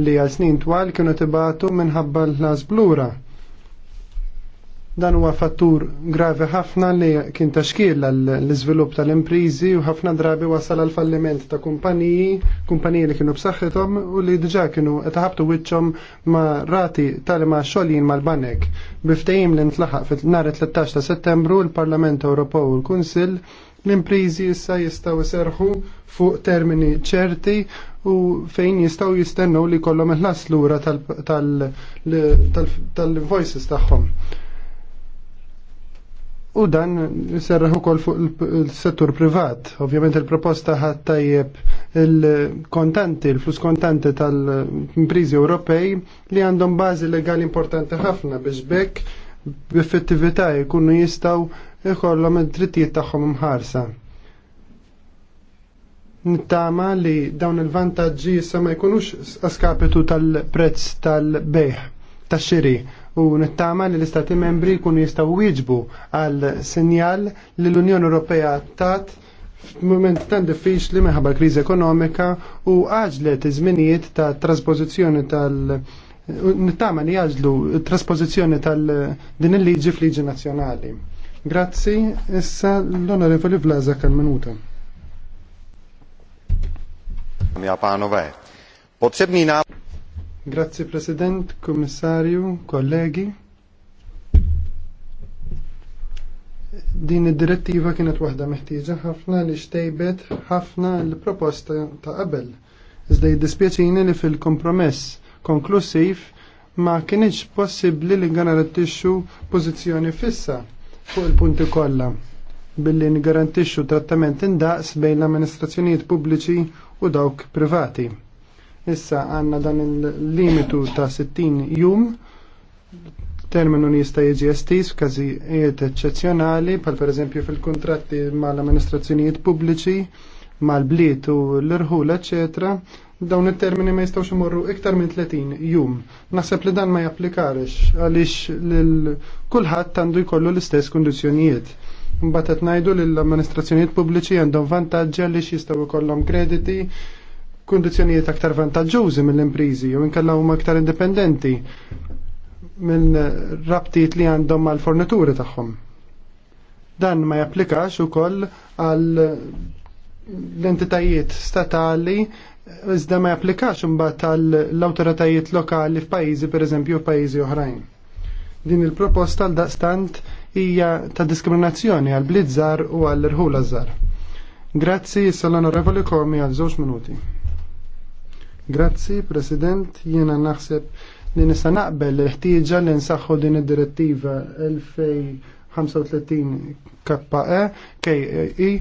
li għal snin twal kienu tibatu minħabba l-lasblura Dan huwa fattur gravi ħafna li kien taxkil l-iżvilupp tal-imprizi u ħafna drabi wasal għal falliment ta' kumpaniji, kumpaniji li kienu b'saħħithom u li diġa' kienu ta'ħabtu ħabtu wiċċhom ma' rati tali ma' xogħlin mal-banek. Biftajim li ntlaħaq fit nar 13 ta' Settembru l-Parlament Ewropew u l-Kunsill l-imprizi issa jistaw serħu fuq termini ċerti u fejn jistaw jistennu li kollom il-ħaslura tal-voices tal, tal, tal, tal tagħhom. U dan serraħu kol fuq il-settur privat. Ovvjament il-proposta ħat tajjeb il-kontanti, il-flus kontanti tal-imprizi Ewropej li għandhom bażi legali importanti ħafna biex bekk b'effettività jkunu jistaw ikollhom id-drittijiet tagħhom imħarsa. Nittama li dawn il-vantaġġi issa ma jkunux skapitu tal-prezz tal-bejħ tax-xiri u nittama li l-Istati membri jkunu jistgħu wieġbu għal sinjal li l-Unjoni Ewropea tat f'mument tan diffiċli minħabba kriżi ekonomika u għaġlet iż-żminijiet ta' traspożizzjoni tal- nittama li jaġlu traspożizzjoni tal-din il-liġi fl-liġi nazzjonali. Grazzi, issa l-onorevoli Vlaza kal-minuta. Ja panove, potrzebni nam Grazzi President, Kummissarju, kollegi. Din id-direttiva kienet waħda meħtieġa ħafna li xtejbet ħafna l-proposta ta' qabel. Iżda jiddispjaċini li fil-kompromess konklusiv ma kienx possibbli li garantixxu pożizzjoni fissa fuq il-punti kollha billi ngarantixxu trattament indaqs bejn l-amministrazzjonijiet pubbliċi u dawk privati Issa għanna dan il-limitu ta' 60 jum terminu li jista' jiġi estis f'każijiet eċċezzjonali, pal eżempju fil-kontratti mal-amministrazzjonijiet pubbliċi, mal-bliet u l irħul eċetera, dawn it-termini ma jistgħux imorru iktar minn 30 jum. Naħseb li dan ma japplikarix għaliex lil kulħadd għandu jkollu l-istess kundizzjonijiet. Mbagħad qed ngħidu lill l-amministrazzjonijiet pubbliċi għandhom vantaġġi għaliex jistgħu jkollhom krediti kondizjonijiet aktar vantaġġużi mill-imprizi u inkella huma aktar indipendenti minn rabtiet li għandhom mal fornituri tagħhom. Dan ma japplikax ukoll għal l-entitajiet statali iżda ma japplikax imbagħad għall awtoritajiet lokali f'pajjiżi pereżempju f'pajjiżi oħrajn. Din il-proposta għal daqstant hija ta' diskriminazzjoni għal blizzar u għall irħula żgħar. Grazzi, sal-onorevoli komi għal żewġ minuti. Grazzi, President, jiena naħseb li nista naqbel l-ħtieġa li nsaħħu din id-direttiva 2035 KE KEI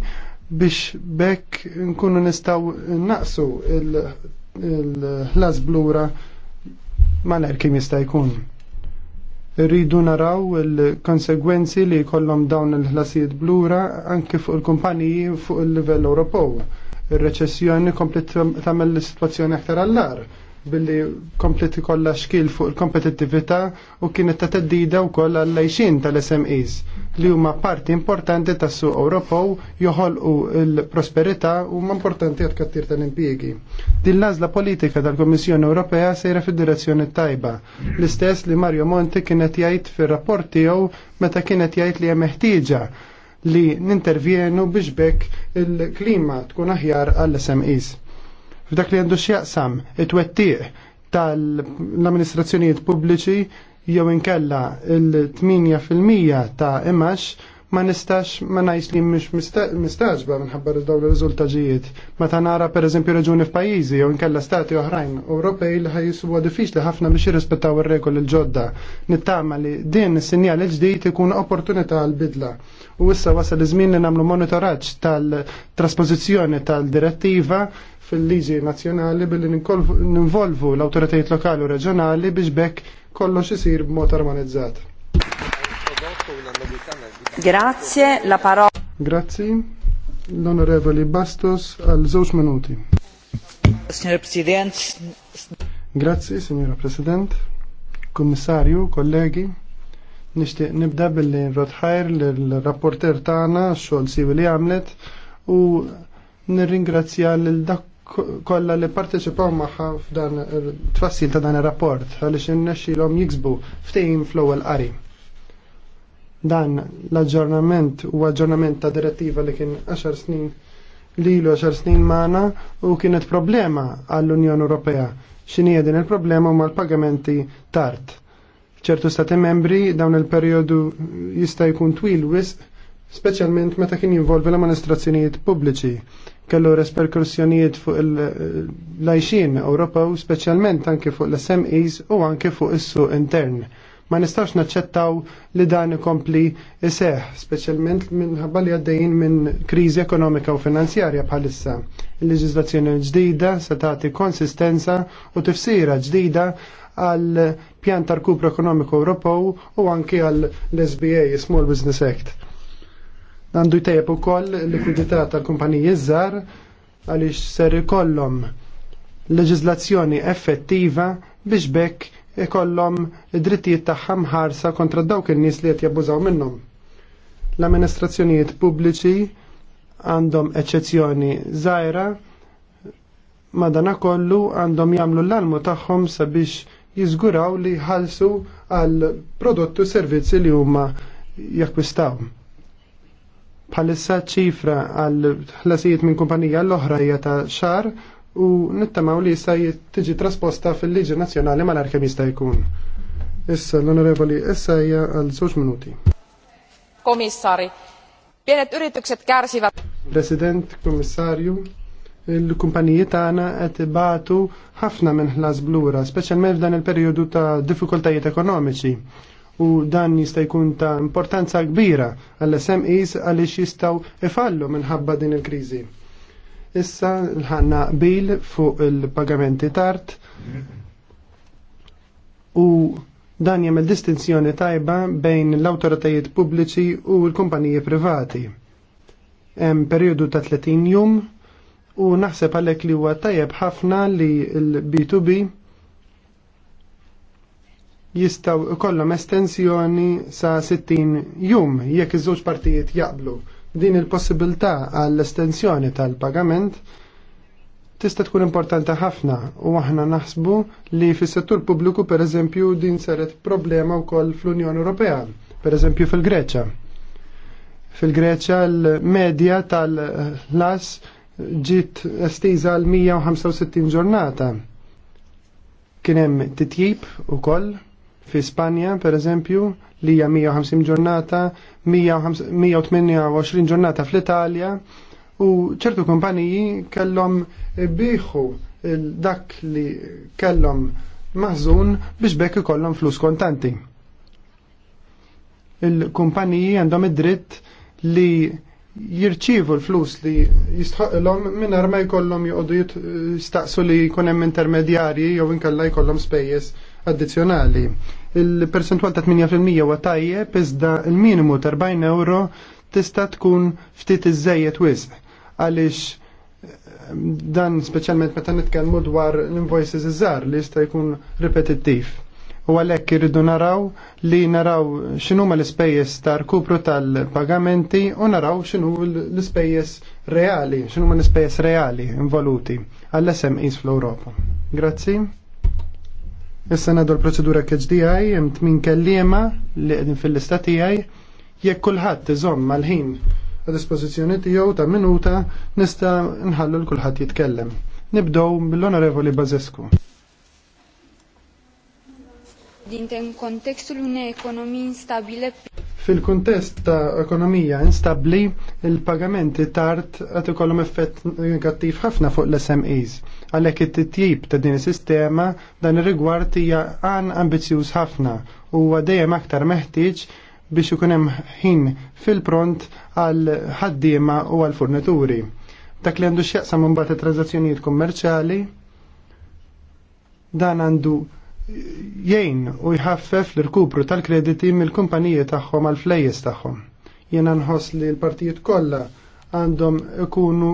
biex bekk nkunu nistaw naqsu il-ħlas blura maler kim jista' jkun. Rridu naraw il-konsegwenzi li kollom dawn il-ħlasijiet blura anke fuq il-kumpaniji fuq il-livell Ewropew Ir-reċessjoni komplet tagħmel l-sitwazzjoni aktar allar billi kompleti kollha xkil fuq il-kompetittività u kienet ta' teddida wkoll għall-lejxin tal-SMEs li huma parti importanti tas-suq Ewropew joħolqu l-prosperità u ma importanti għal kattir tal-impjiegi. Din l-għażla politika tal-Kummissjoni Ewropea sejra fid-direzzjoni tajba. L-istess li Mario Monti kienet jgħid fir-rapport tiegħu meta kienet jgħid li hemm ħtieġa li nintervjenu biex bekk il-klima tkun aħjar għall-SMEs. F'dak li għandu x'jaqsam it wettiq tal-amministrazzjonijiet pubbliċi jew inkella il-8% ta' imax ma nistax ma najs li mhux mistaġba minħabba dawn ir-riżultaġijiet. Meta nara pereżempju reġuni f'pajjiżi jew inkella stati oħrajn Ewropej li ħajsuwa diffiċli ħafna biex jirrispettaw ir-regoli l-ġodda. Nittama li din is-sinjal ġdid ikun opportunità għal-bidla. U issa wasal li żmien li nagħmlu monitoraċ tal trasposizjoni tal-direttiva fil-liġi nazjonali billi ninvolvu l-autoritajiet lokali u reġjonali biex bekk kollox isir b'mod armonizzat. Grazie, la parola. Grazie, l'onorevole Bastos al żewġ minuti. Signor President. Grazie, signora President, Kommissarju, kollegi. Nishtiq nibda billi nrotħajr l-rapporter tagħna xogħol sivu li għamlet u nirringrazzja lil dak kolla li parteċipaw magħha f'dan tfassil ta' dan il rapport għaliex innexxilhom jiksbu ftejn fl-ewwel qari. Dan l-aġġornament u aġġornament ta' direttiva li kien 10 snin lilu 10 snin maħna u kienet problema għall-Unjoni Ewropea. X'inhi din il-problema huma l-pagamenti tard. ċertu stati membri dawn il-perjodu jista' jkun twil wisq, speċjalment meta kien jinvolvi l-amministrazzjonijiet pubbliċi kellu resperkursjonijiet fuq l-lajxin Ewropew, speċjalment anke fuq l-SMEs u anke fuq is-suq intern. Ma nistax naċċettaw li dan ikompli iseħ, speċjalment minħabba li għaddejjin minn kriżi ekonomika u finanzjarja bħalissa. Il-leġiżlazzjoni ġdida se tagħti konsistenza u tifsira ġdida għal pjan tar kupru ekonomiku Ewropew u anki għal l-SBA, Small Business Act. Għandu koll ukoll likwidità tal-kumpaniji żgħar għaliex ser ikollhom leġizlazzjoni effettiva biex bekk ikollhom id-drittijiet tagħhom ħarsa kontra dawk in-nies li qed jabbużaw minnhom. L-amministrazzjonijiet pubbliċi għandhom eċċezzjoni żgħira madanakollu għandhom jagħmlu l-almu tagħhom sabiex jiżguraw li ħalsu għal prodotti u servizzi li huma jakkwistaw. Bħalissa ċifra għal ħlasijiet minn kumpanija l-oħra hija ta' xar u nittamaw li jista' tiġi trasposta fil-Liġi Nazzjonali mal-arkem jista' jkun. Issa l-Onorevoli issa hija għal żewġ minuti. Komissari, pienet yritykset kärsivat. President, Komissarju, il-kumpaniji tagħna qed ibatu ħafna minn ħlas blura, speċjalment f'dan il-perjodu ta' diffikultajiet ekonomiċi. U dan jista' jkun ta' importanza kbira għall-SMEs għaliex jistgħu ifallu minħabba din il-kriżi. Issa ħanna bil fuq il-pagamenti tard u dan jagħmel distinzjoni tajba bejn l-awtoritajiet pubbliċi u l-kumpaniji privati. Hemm perjodu ta' 30 jum u naħseb għalhekk li huwa tajjeb ħafna li l-B2B jistaw kollom estensjoni sa 60 jum jekk iż-żewġ partijiet jaqblu. Din il-possibilità għall-estensjoni tal-pagament tista' tkun importanti ħafna u aħna naħsbu li fis-settur pubbliku pereżempju din saret problema wkoll fl-Unjoni Ewropea, pereżempju fil-Greċja. Fil-Greċja l-medja tal-las ġiet estiża għal 165 ġurnata. Kien hemm titjib ukoll Fi Spanja, per eżempju, li hija 150 ġurnata, 128 ġurnata fl-Italja, u ċertu kumpaniji kellhom biħu dak li kellhom maħżun biex bekk ikollhom flus kontanti. Il-kumpaniji għandhom id-dritt li jirċivu l-flus li jistħaqlhom minn ma jkollhom joqogħdu jistaqsu li jkun hemm intermedjarji jew inkella jkollhom spejjeż addizzjonali. il percentual ta' 8% huwa tajjeb iżda l-minimu ta' 40 euro tista' tkun ftit iżejjed wisq għaliex eh, dan speċjalment meta nitkellmu dwar l-invoices iż iż-żar li jista' jkun ripetittiv. U għalhekk irridu naraw li naraw x'inhuma l-ispejjeż ta' rkupru tal-pagamenti u naraw x'inhu l-ispejjeż reali, x'inhuma l-ispejjeż reali involuti għall-SMEs fl-Ewropa. Grazzi. Issa nadu l-procedura KHDI, jem tmin kellima li għedin fil-lista tijaj, jek kullħat t-zom mal-ħin a dispozizjoni tijow ta' minuta nista nħallu l-kullħat jitkellem. Nibdow mill-Onorevoli Bazesku. Dinten l unei ekonomija instabile. Fil-kontest ta' ekonomija instabli, il-pagamenti tard għat ikollhom effett negattiv ħafna fuq l-SMEs Għalhekk it-titjib ta' din is-sistema dan ir-rigward hija għan ambizzjuż ħafna u huwa dejjem aktar meħtieġ biex ikun hemm ħin fil-pront għal ħaddiema u għal furnituri Dak li għandu x'jaqsam imbagħad it-transazzjonijiet kummerċjali dan għandu jgħin u jħaffef l-rkupru tal-krediti mill-kumpaniji tagħhom għal flejjes tagħhom. Jena nħoss li l-partijiet kollha għandhom ikunu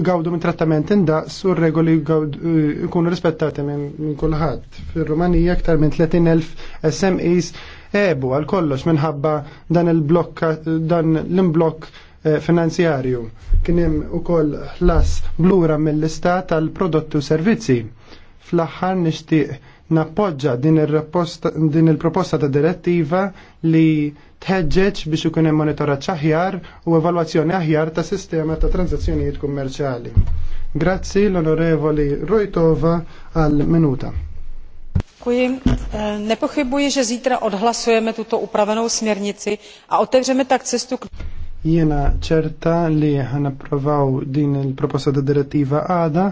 jgawdu minn trattament indaqs u regoli ikunu rispettati minn kulħadd. Fir-Rumanija aktar minn 30.000 SMEs ebu għal kollox minħabba dan il-blokk dan l-imblokk eh, finanzjarju. Kien hemm ukoll ħlas blura mill-istat għal prodotti u servizzi. Fl-aħħar nixtieq nappoġġa din il-proposta ta' direttiva li tħeġġeġ biex ikun hemm monitoraġġ aħjar u evalwazzjoni aħjar ta' sistema ta' tranzazzjonijiet kummerċjali. Grazzi l-Onorevoli Rojtova għal minuta. Děkuji. Eh, nepochybuji, že zítra odhlasujeme tuto upravenou směrnici a otevřeme tak cestu k... Jena čerta li ħanaprovaw din il-proposta ta' direttiva għada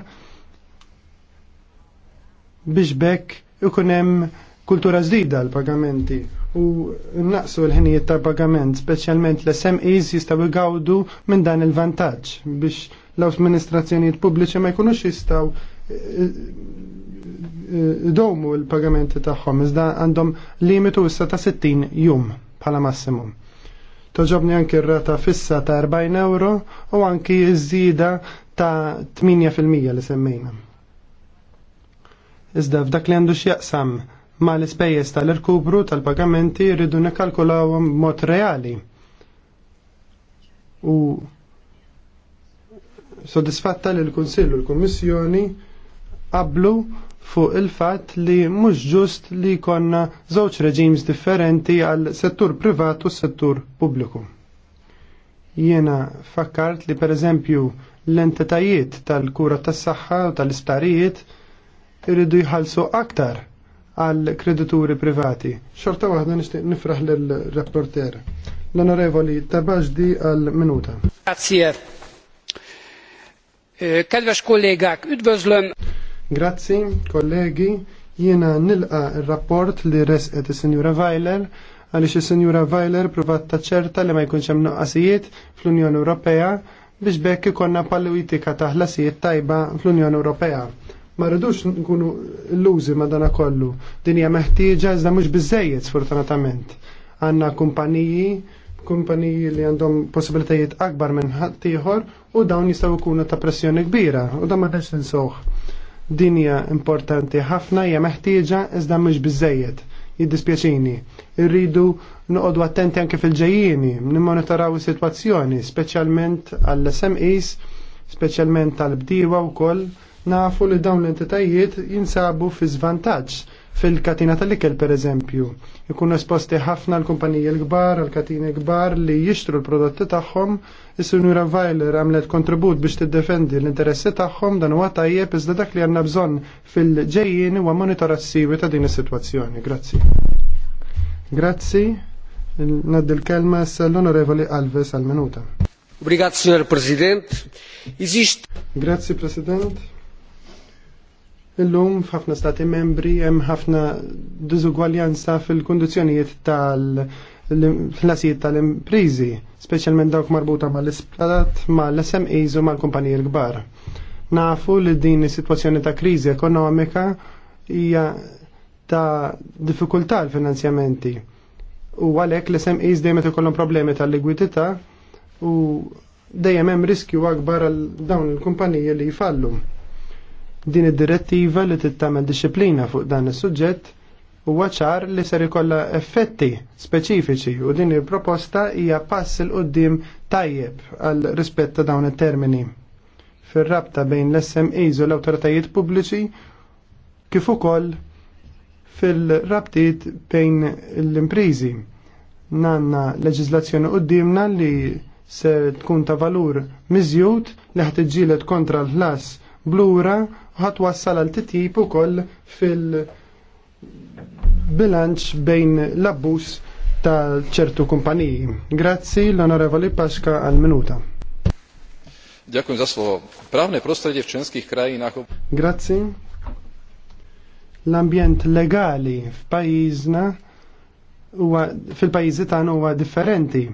biex bekk ikun kultura ġdida l-pagamenti u naqsu l-ħinijiet ta' pagament, speċjalment l-SMEs jistaw jgawdu minn dan il-vantaġġ biex l-amministrazzjonijiet pubbliċi ma jkunux jistaw eh, eh, domu l-pagamenti tagħhom, iżda għandhom limitu issa ta' 60 jum bħala massimum. Toġobni anki r-rata fissa ta' 40 euro u anki iż-żida ta' 8% li semmejna. Iżda f'dak li għandu x'jaqsam ma l-ispejjeż tal-irkubru tal-pagamenti rridu nikkalkulawhom b'mod reali. U sodisfatta li l-Kunsill u l-Kummissjoni qablu fuq il-fatt li mhux ġust li konna żewġ reġims differenti għal settur privat u settur pubbliku. Jiena fakkart li pereżempju l-entitajiet tal-kura tas-saħħa u tal-isptarijiet irridu jħallsu aktar għal kredituri privati. Xorta waħda nishti nifraħ lill-rapporter. L-Onorevoli Tabaġdi għal minuta. Grazie. Eh, kedves kollega. üdvözlöm! Grazzi, kollegi, jiena nilqa il-rapport li resqet il-Senjura Weiler għaliex il-Senjura Weiler provat taċerta li ma jkunx hemm noqqasijiet fl-Unjoni Ewropea biex bekk ikonna pallu ta' ħlasijiet tajba fl-Unjoni Ewropea. Ma rridux nkunu illużi ma dana kollu. Din hija meħtieġa iżda mhux biżejjed sfortunatament. Għandna kumpaniji, kumpaniji li għandhom possibilitajiet akbar minn ħadd ieħor u dawn jistgħu jkunu ta' pressjoni kbira u dan ma rridx insoħ. Din hija importanti ħafna hija meħtieġa iżda mhux biżejjed jiddispjaċini. Irridu noqodu attenti anke fil-ġejjini, nimmonitoraw is-sitwazzjoni, speċjalment għall smes speċjalment għall bdiewa wkoll nafu li dawn l-entitajiet jinsabu fi zvantaġġ fil-katina tal-ikel per eżempju. Ikun esposti ħafna l-kumpaniji l-gbar, l-katini kbar gbar li jixtru l-prodotti tagħhom, is-sinjura Vajler għamlet kontribut biex tiddefendi l-interessi tagħhom dan huwa tajjeb iżda dak li għandna bżonn fil-ġejjin huwa siwi ta' din is-sitwazzjoni. Grazzi. Grazzi. Naddi l-kelma l-Onorevoli Alves għal-minuta. Grazie, Presidente. President. Grazie, President Illum f'ħafna stati membri hemm ħafna diżugwaljanza fil-kundizzjonijiet tal-ħlasijiet tal-imprizi, speċjalment dawk marbuta mal isplat mal-SMEs u mal-kumpaniji l-kbar. Nafu li din is-sitwazzjoni ta' kriżi ekonomika hija ta' diffikultà l-finanzjamenti. U għalhekk l-SMEs dejjem qed ikollhom problemi tal likwidità u dejjem hemm riskju akbar għal dawn il-kumpaniji li jfallu. Din id-direttiva li tittamel disciplina fuq dan is-suġġett huwa ċar li ser ikollha effetti speċifiċi u din il-proposta hija pass il qudiem tajjeb għal rispett ta' dawn it-termini fir-rabta bejn l-SMEs u l-awtoritajiet pubbliċi kif ukoll fil-rabtiet bejn l-imprizi. Nanna leġizlazzjoni qudiemna li se tkun ta' valur miżjud li ħtiġġielet kontra l-ħlas blura ħat wassal għal u ukoll fil-bilanċ bejn l-abbus ta' ċertu kumpaniji. Grazzi l-Onorevoli Paska għal minuta. Dziękuję za słowo. Prawne prostredie w czeskich krajach. Grazzi. L-ambjent legali f'pajjiżna paizna, fil-pajjiżi tagħna huwa differenti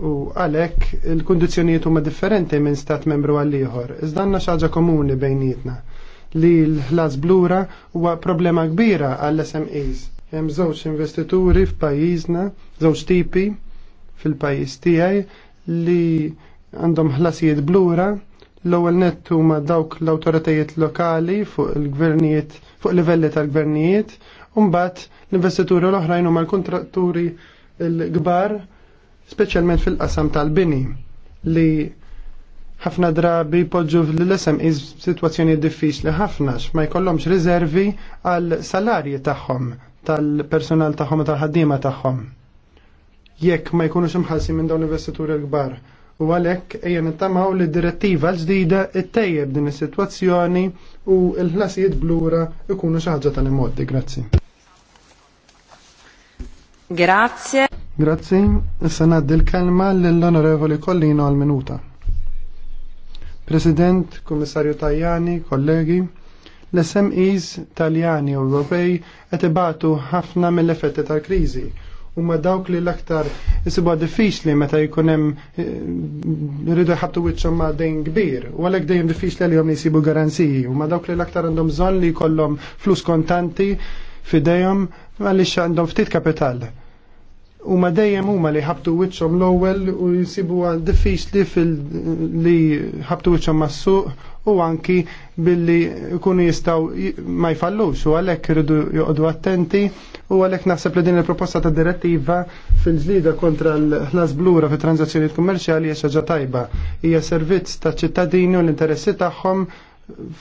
u għalhekk il-kundizzjonijiet huma differenti minn stat membru għal ieħor. Iżda għandna komuni bejnietna li l-ħlas blura huwa problema kbira għall-SMEs. Hemm żewġ investituri f'pajjiżna, żewġ tipi fil-pajjiż tiegħi li għandhom ħlasijiet blura l-ewwel nett huma dawk l-awtoritajiet lokali fuq il-gvernijiet fuq livelli tal-gvernijiet u mbagħad l-investituri l-oħrajn huma l-kontratturi l-kbar speċjalment fil-qasam tal-bini li ħafna drabi poġġu l-lesem iż situazzjoni diffiċli ħafna ma jkollhomx riservi għal salarji tagħhom tal-personal tagħhom tal-ħaddiema tagħhom. Jekk ma jkunux imħassi minn dawn l-investituri l-kbar. U għalhekk ejja nittamaw li direttiva l-ġdida ittejjeb din is-sitwazzjoni u l-ħlasijiet blura ikunu xi ħaġa tal-immoddi. Grazzi. Grazie. Grazzi, issa naddi l-kelma l-Onorevoli Collino għal-minuta. President, Kummissarju Tajani, kollegi, l-SMEs Taljani Ewropej qed ibatu ħafna mill-effetti tal-kriżi ma dawk li l-aktar isibuha diffiċli meta jkun hemm eh, rridu ħabtu wiċċhom ma' dejn kbir, u għalhekk dejjem diffiċli għalihom li jsibu garanziji, ma dawk li l-aktar għandhom bżonn li jkollhom flus kontanti fidejhom għaliex għandhom ftit kapital u ma dejjem huma li ħabtu wiċċhom l-ewwel u jsibu diffiċli fil li ħabtu wiċċhom mas-suq u anki billi jkunu jistgħu ma jfallux u għalhekk iridu joqogħdu attenti u għalhekk naħseb li din il-proposta ta' direttiva fil-ġlida kontra l-ħlas blura fit transazzjonijiet kummerċjali hija xaġa tajba. Hija servizz ta' ċittadini u l-interessi tagħhom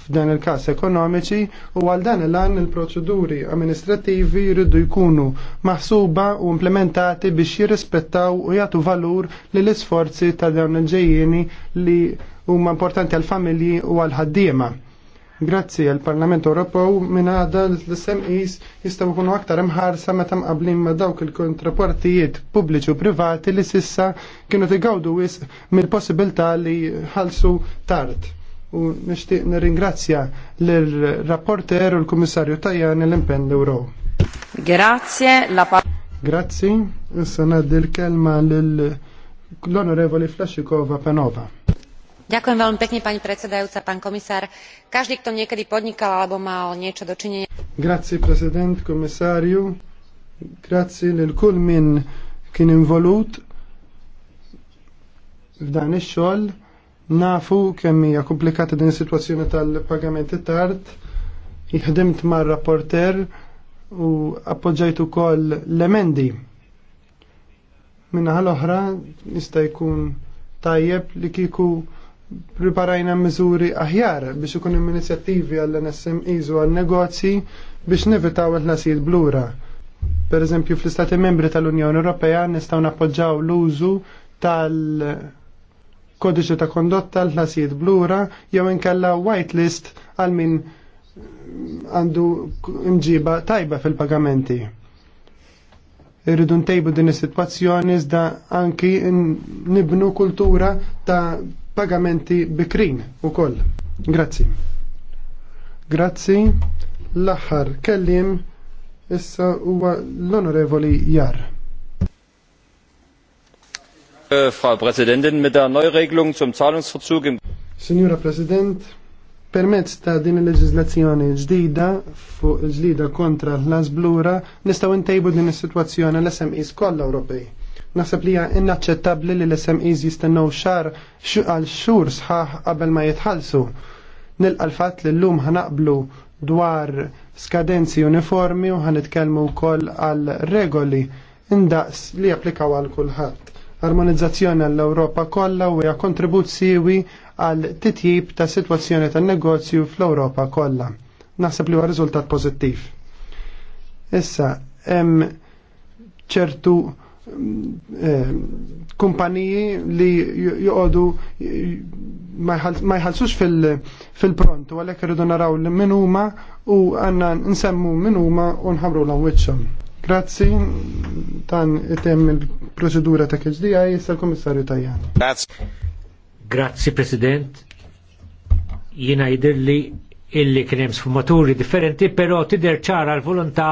f'dan il-każ ekonomiċi u għal dan il-għan il-proċeduri amministrativi jridu jkunu maħsuba u implementati biex jirrispettaw u jagħtu valur lill isforzi ta' dawn il ġejjeni li huma importanti għal familji u għal ħaddiema. Grazzi għal Parlament Ewropew minn għada l-SMEs jistgħu jkunu aktar imħarsa meta mqablin ma' dawk il-kontraportijiet pubbliċi u privati li sissa kienu tigawdu wisq mill-possibilità li ħalsu tard u nixtieq nirringrazzja l-rapporter u l-Kummissarju Tajani l-impenn l-Euro. Grazie, la Grazzi, issa naddi l-kelma l-Onorevoli Flašikova Panova. Ďakujem veľmi pekne, pani predsedajúca, pán komisár. Každý, kto niekedy podnikal alebo mal niečo dočinenia. Grazie, prezident, komisáriu. Grazie, lil kull min kien involut f'dan ix-xogħol Nafu kemm hija komplikata din is-sitwazzjoni tal-pagamenti tard. Iħdimt mar rapporter u appoġġajt ukoll l-emendi. Minna l-oħra jista' jkun tajjeb li kieku preparajna miżuri aħjar biex ikun hemm inizjattivi għall nsmis u għal negozji biex nevitaw il-ħlasijiet blura. Per eżempju, fl-Istati membri tal-Unjoni Ewropea nistgħu nappoġġaw l-użu tal- kodiċi ta' kondotta l-ħasijiet blura jew inkella whitelist għal min għandu imġiba tajba fil-pagamenti. Irridu ntejbu din is-sitwazzjoni iżda anki nibnu kultura ta' pagamenti bikrin ukoll. Grazzi. Grazzi. L-aħħar kellim issa huwa l-Onorevoli Jar. Äh, Frau Präsidentin, mit der Neuregelung zum Zahlungsverzug im Signora President, permezz ta' din il-leġizlazzjoni ġdida fuq ġdida kontra l-asblura nistaw intejbu din is-sitwazzjoni l-SMEs kollha Ewropej. Naħseb li hija inaċċettabbli li l-SMEs jistennew xar għal xhur sħaħ qabel ma jitħallsu. Nilqa l-fatt li llum ħanaqblu dwar skadenzi uniformi u ħanitkellmu wkoll għal regoli indaqs li japplikaw għal kulħadd Armonizzazzjoni għall-Ewropa kollha u hija kontribut siwi għal titjib ta' sitwazzjoni tan-negozju fl-Ewropa kollha. Naħseb li huwa riżultat pożittiv. Issa, hemm ċertu eh, kumpaniji li joqodu ma jħalsux fil-prontu, għalek rridu naraw l-minuma u għanna nsemmu minuma u nħabru l-għanwitxom. Grazzi, tan item il procedura ta' KHDI, jessa l-Komissarju Tajjan. Grazzi, President. Jina jidirli illi kienem sfumaturi differenti, pero tider ċara l-volontà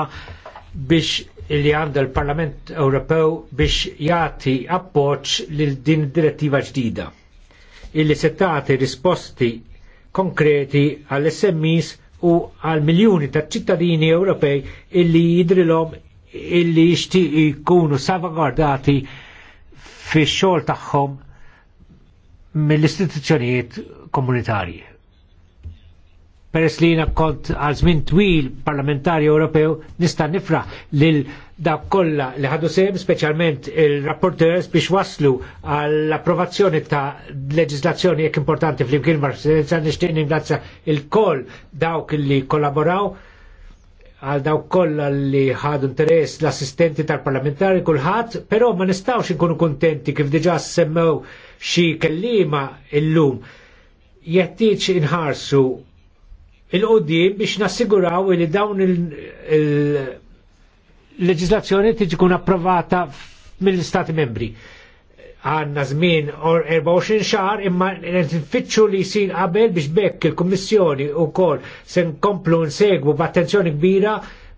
biex illi għanda l-Parlament Ewropew biex jati appoċ lil din direttiva ġdida illi settati risposti konkreti għall smis u għal miljoni ta' ċittadini Ewropej illi jidrilom illi jixtieq jikunu salvagwardati fix-xogħol tagħhom mill-istituzzjonijiet komunitarji. Peress li jina kont għal żmien twil parlamentari Ewropew nista' nifra lil dak kollha li ħadu sehem speċjalment il-rapporteurs biex waslu għall-approvazzjoni ta' leġislazzjoni jekk importanti fl-imkien mar nixtieq ningrazzja il-koll dawk li kollaboraw għal daw kollha li ħadu interess l-assistenti tal-parlamentari kulħadd, però ma nistgħux inkunu kuntenti kif diġà semmew xi kellima illum. Jettiċ inħarsu il-qoddim biex nassiguraw li dawn il-leġislazzjoni tiġi kun approvata mill-Stati membri għanna żmien 24 xahar imma nfittxu li jsir qabel biex bekk il-Kummissjoni wkoll se nkomplu nsegwu b'attenzjoni kbira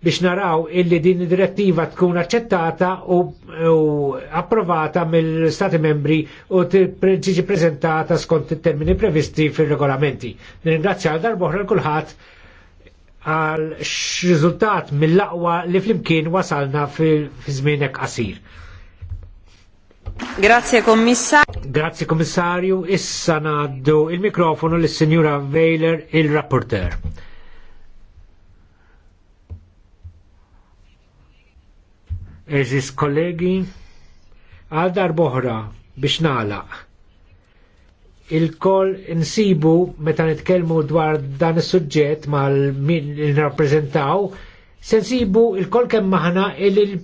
biex naraw illi din id-direttiva tkun aċċettata u, approvata mill-Stati membri u tiġi prezentata skont it-termini previsti fil-regolamenti. Nirringrazzja għal darbohra l-kulħadd għal x mill-laqwa li flimkien wasalna fil-żmienek qasir. Grazie Commissario. Grazie kommissarju. Issa naddu il-mikrofonu l signora Weiler, il-rapporter. Eżis kollegi, għal darboħra biex nalaq. Il-koll insibu meta nitkelmu dwar dan is-suġġett mal-min il-rappreżentaw, sensibu il-koll kemm maħna il-, -il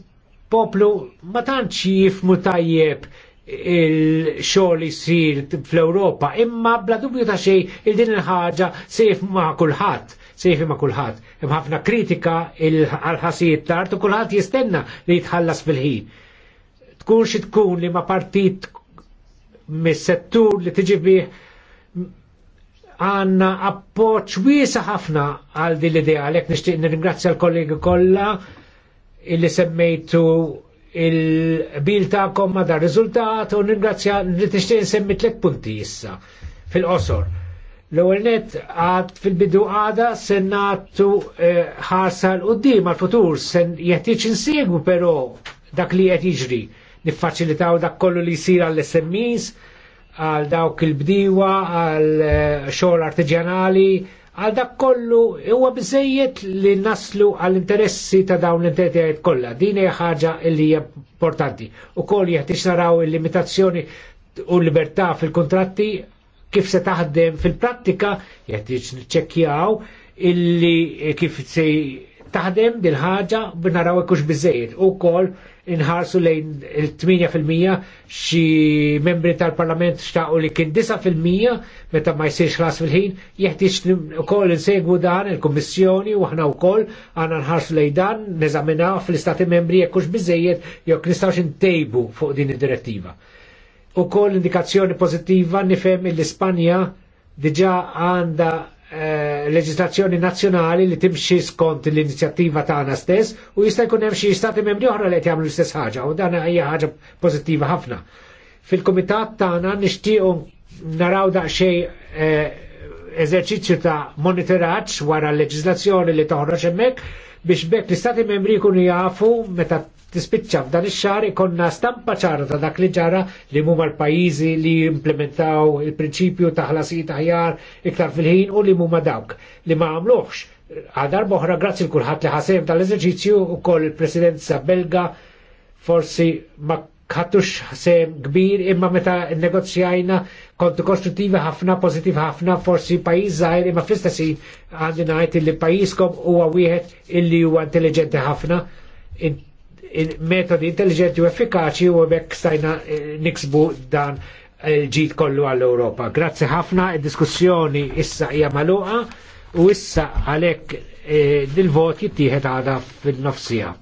poplu ma tantx jifmu tajjeb il-xogħol jsir fl-Ewropa, imma bla dubju ta' xejn il-din il-ħaġa sejf ma' kulħadd, sejf ma' kulħadd. Hemm ħafna kritika għal-ħasijiet tard u kulħadd jistenna li jitħallas fil-ħin. Tkun xi tkun li ma' partit mis-settur li tiġi bih għanna appoċ wiesa ħafna għal din l-idea għalhekk nixtieq nirringrazzja l-kollegi kollha illi semmejtu il-bil ta'kom ma dar riżultat u ningrazzja li tixtieq semmi tliet punti issa fil-qosor. L-ewwel net għad fil-bidu għada se nagħtu eh, ħarsa l qoddim għal-futur se jeħtieġ insegwu però dak li qed jiġri. Niffaċilitaw dak kollu li jsir għall-SMEs, għal dawk il-bdiwa, għal eh, xogħol artiġjanali, għal dak kollu huwa biżejjed li naslu għall interessi ta' dawn l-entitajiet kollha. Din hija ħaġa li hija importanti. Ukoll jeħtieġ naraw il-limitazzjoni u l-libertà fil-kontratti kif se taħdem fil-prattika jeħtieġ ċekkjaw illi kif se taħdem din ħaġa b'naraw ekkux biżejjed. Ukoll inħarsu lejn il-8% xi membri tal-Parlament xtaqu li kien 9% meta ma jsirx ħlas fil-ħin, jeħtieġ ukoll insegwu dan il-Kummissjoni u aħna wkoll għandna nħarsu lejn dan neżaminaw fl-Istati membri jekk hux biżejjed jekk nistgħux intejbu fuq din id-direttiva. Ukoll indikazzjoni pożittiva nifhem l-Ispanja diġà għandha Eh, leġislazzjoni nazzjonali li timxi skont l-inizjattiva tagħna stess u jista' jkun hemm xi stati membri oħra li qed jagħmlu l-istess ħaġa u dan hija ħaġa pożittiva ħafna. Fil-kumitat tagħna nixtiequ naraw daqsxejn eh, eżerċizzju ta' monitoraġġ wara l-leġislazzjoni li toħroġ hemmhekk biex bekk l-istati membri jkunu jafu meta tispiċċa f'dan ix xar ikonna stampa ċara ta' dak li ġara li huma l-pajjiżi li implementaw il-prinċipju ta' ta' aħjar iktar fil-ħin u li huma dawk li ma għamluħx. Għadar boħra grazzi l-kulħadd li ħasem tal-eżerċizzju u koll il-presidenza belga forsi ma Kattux ħsem kbir imma meta negozjajna kontu konstruttivi ħafna, pozitiv ħafna, forsi pajjiż zaħir imma fl-istessi għandi ngħid li pajjiżkom huwa wieħed illi huwa intelligenti ħafna, metodi intelligenti u effikaċi u għabek stajna eh, niksbu dan il-ġid kollu għall-Ewropa. Grazzi ħafna, il diskussjoni issa hija magħluqa u issa għalhekk dil-vot eh, jittieħed għada fil-nofsija.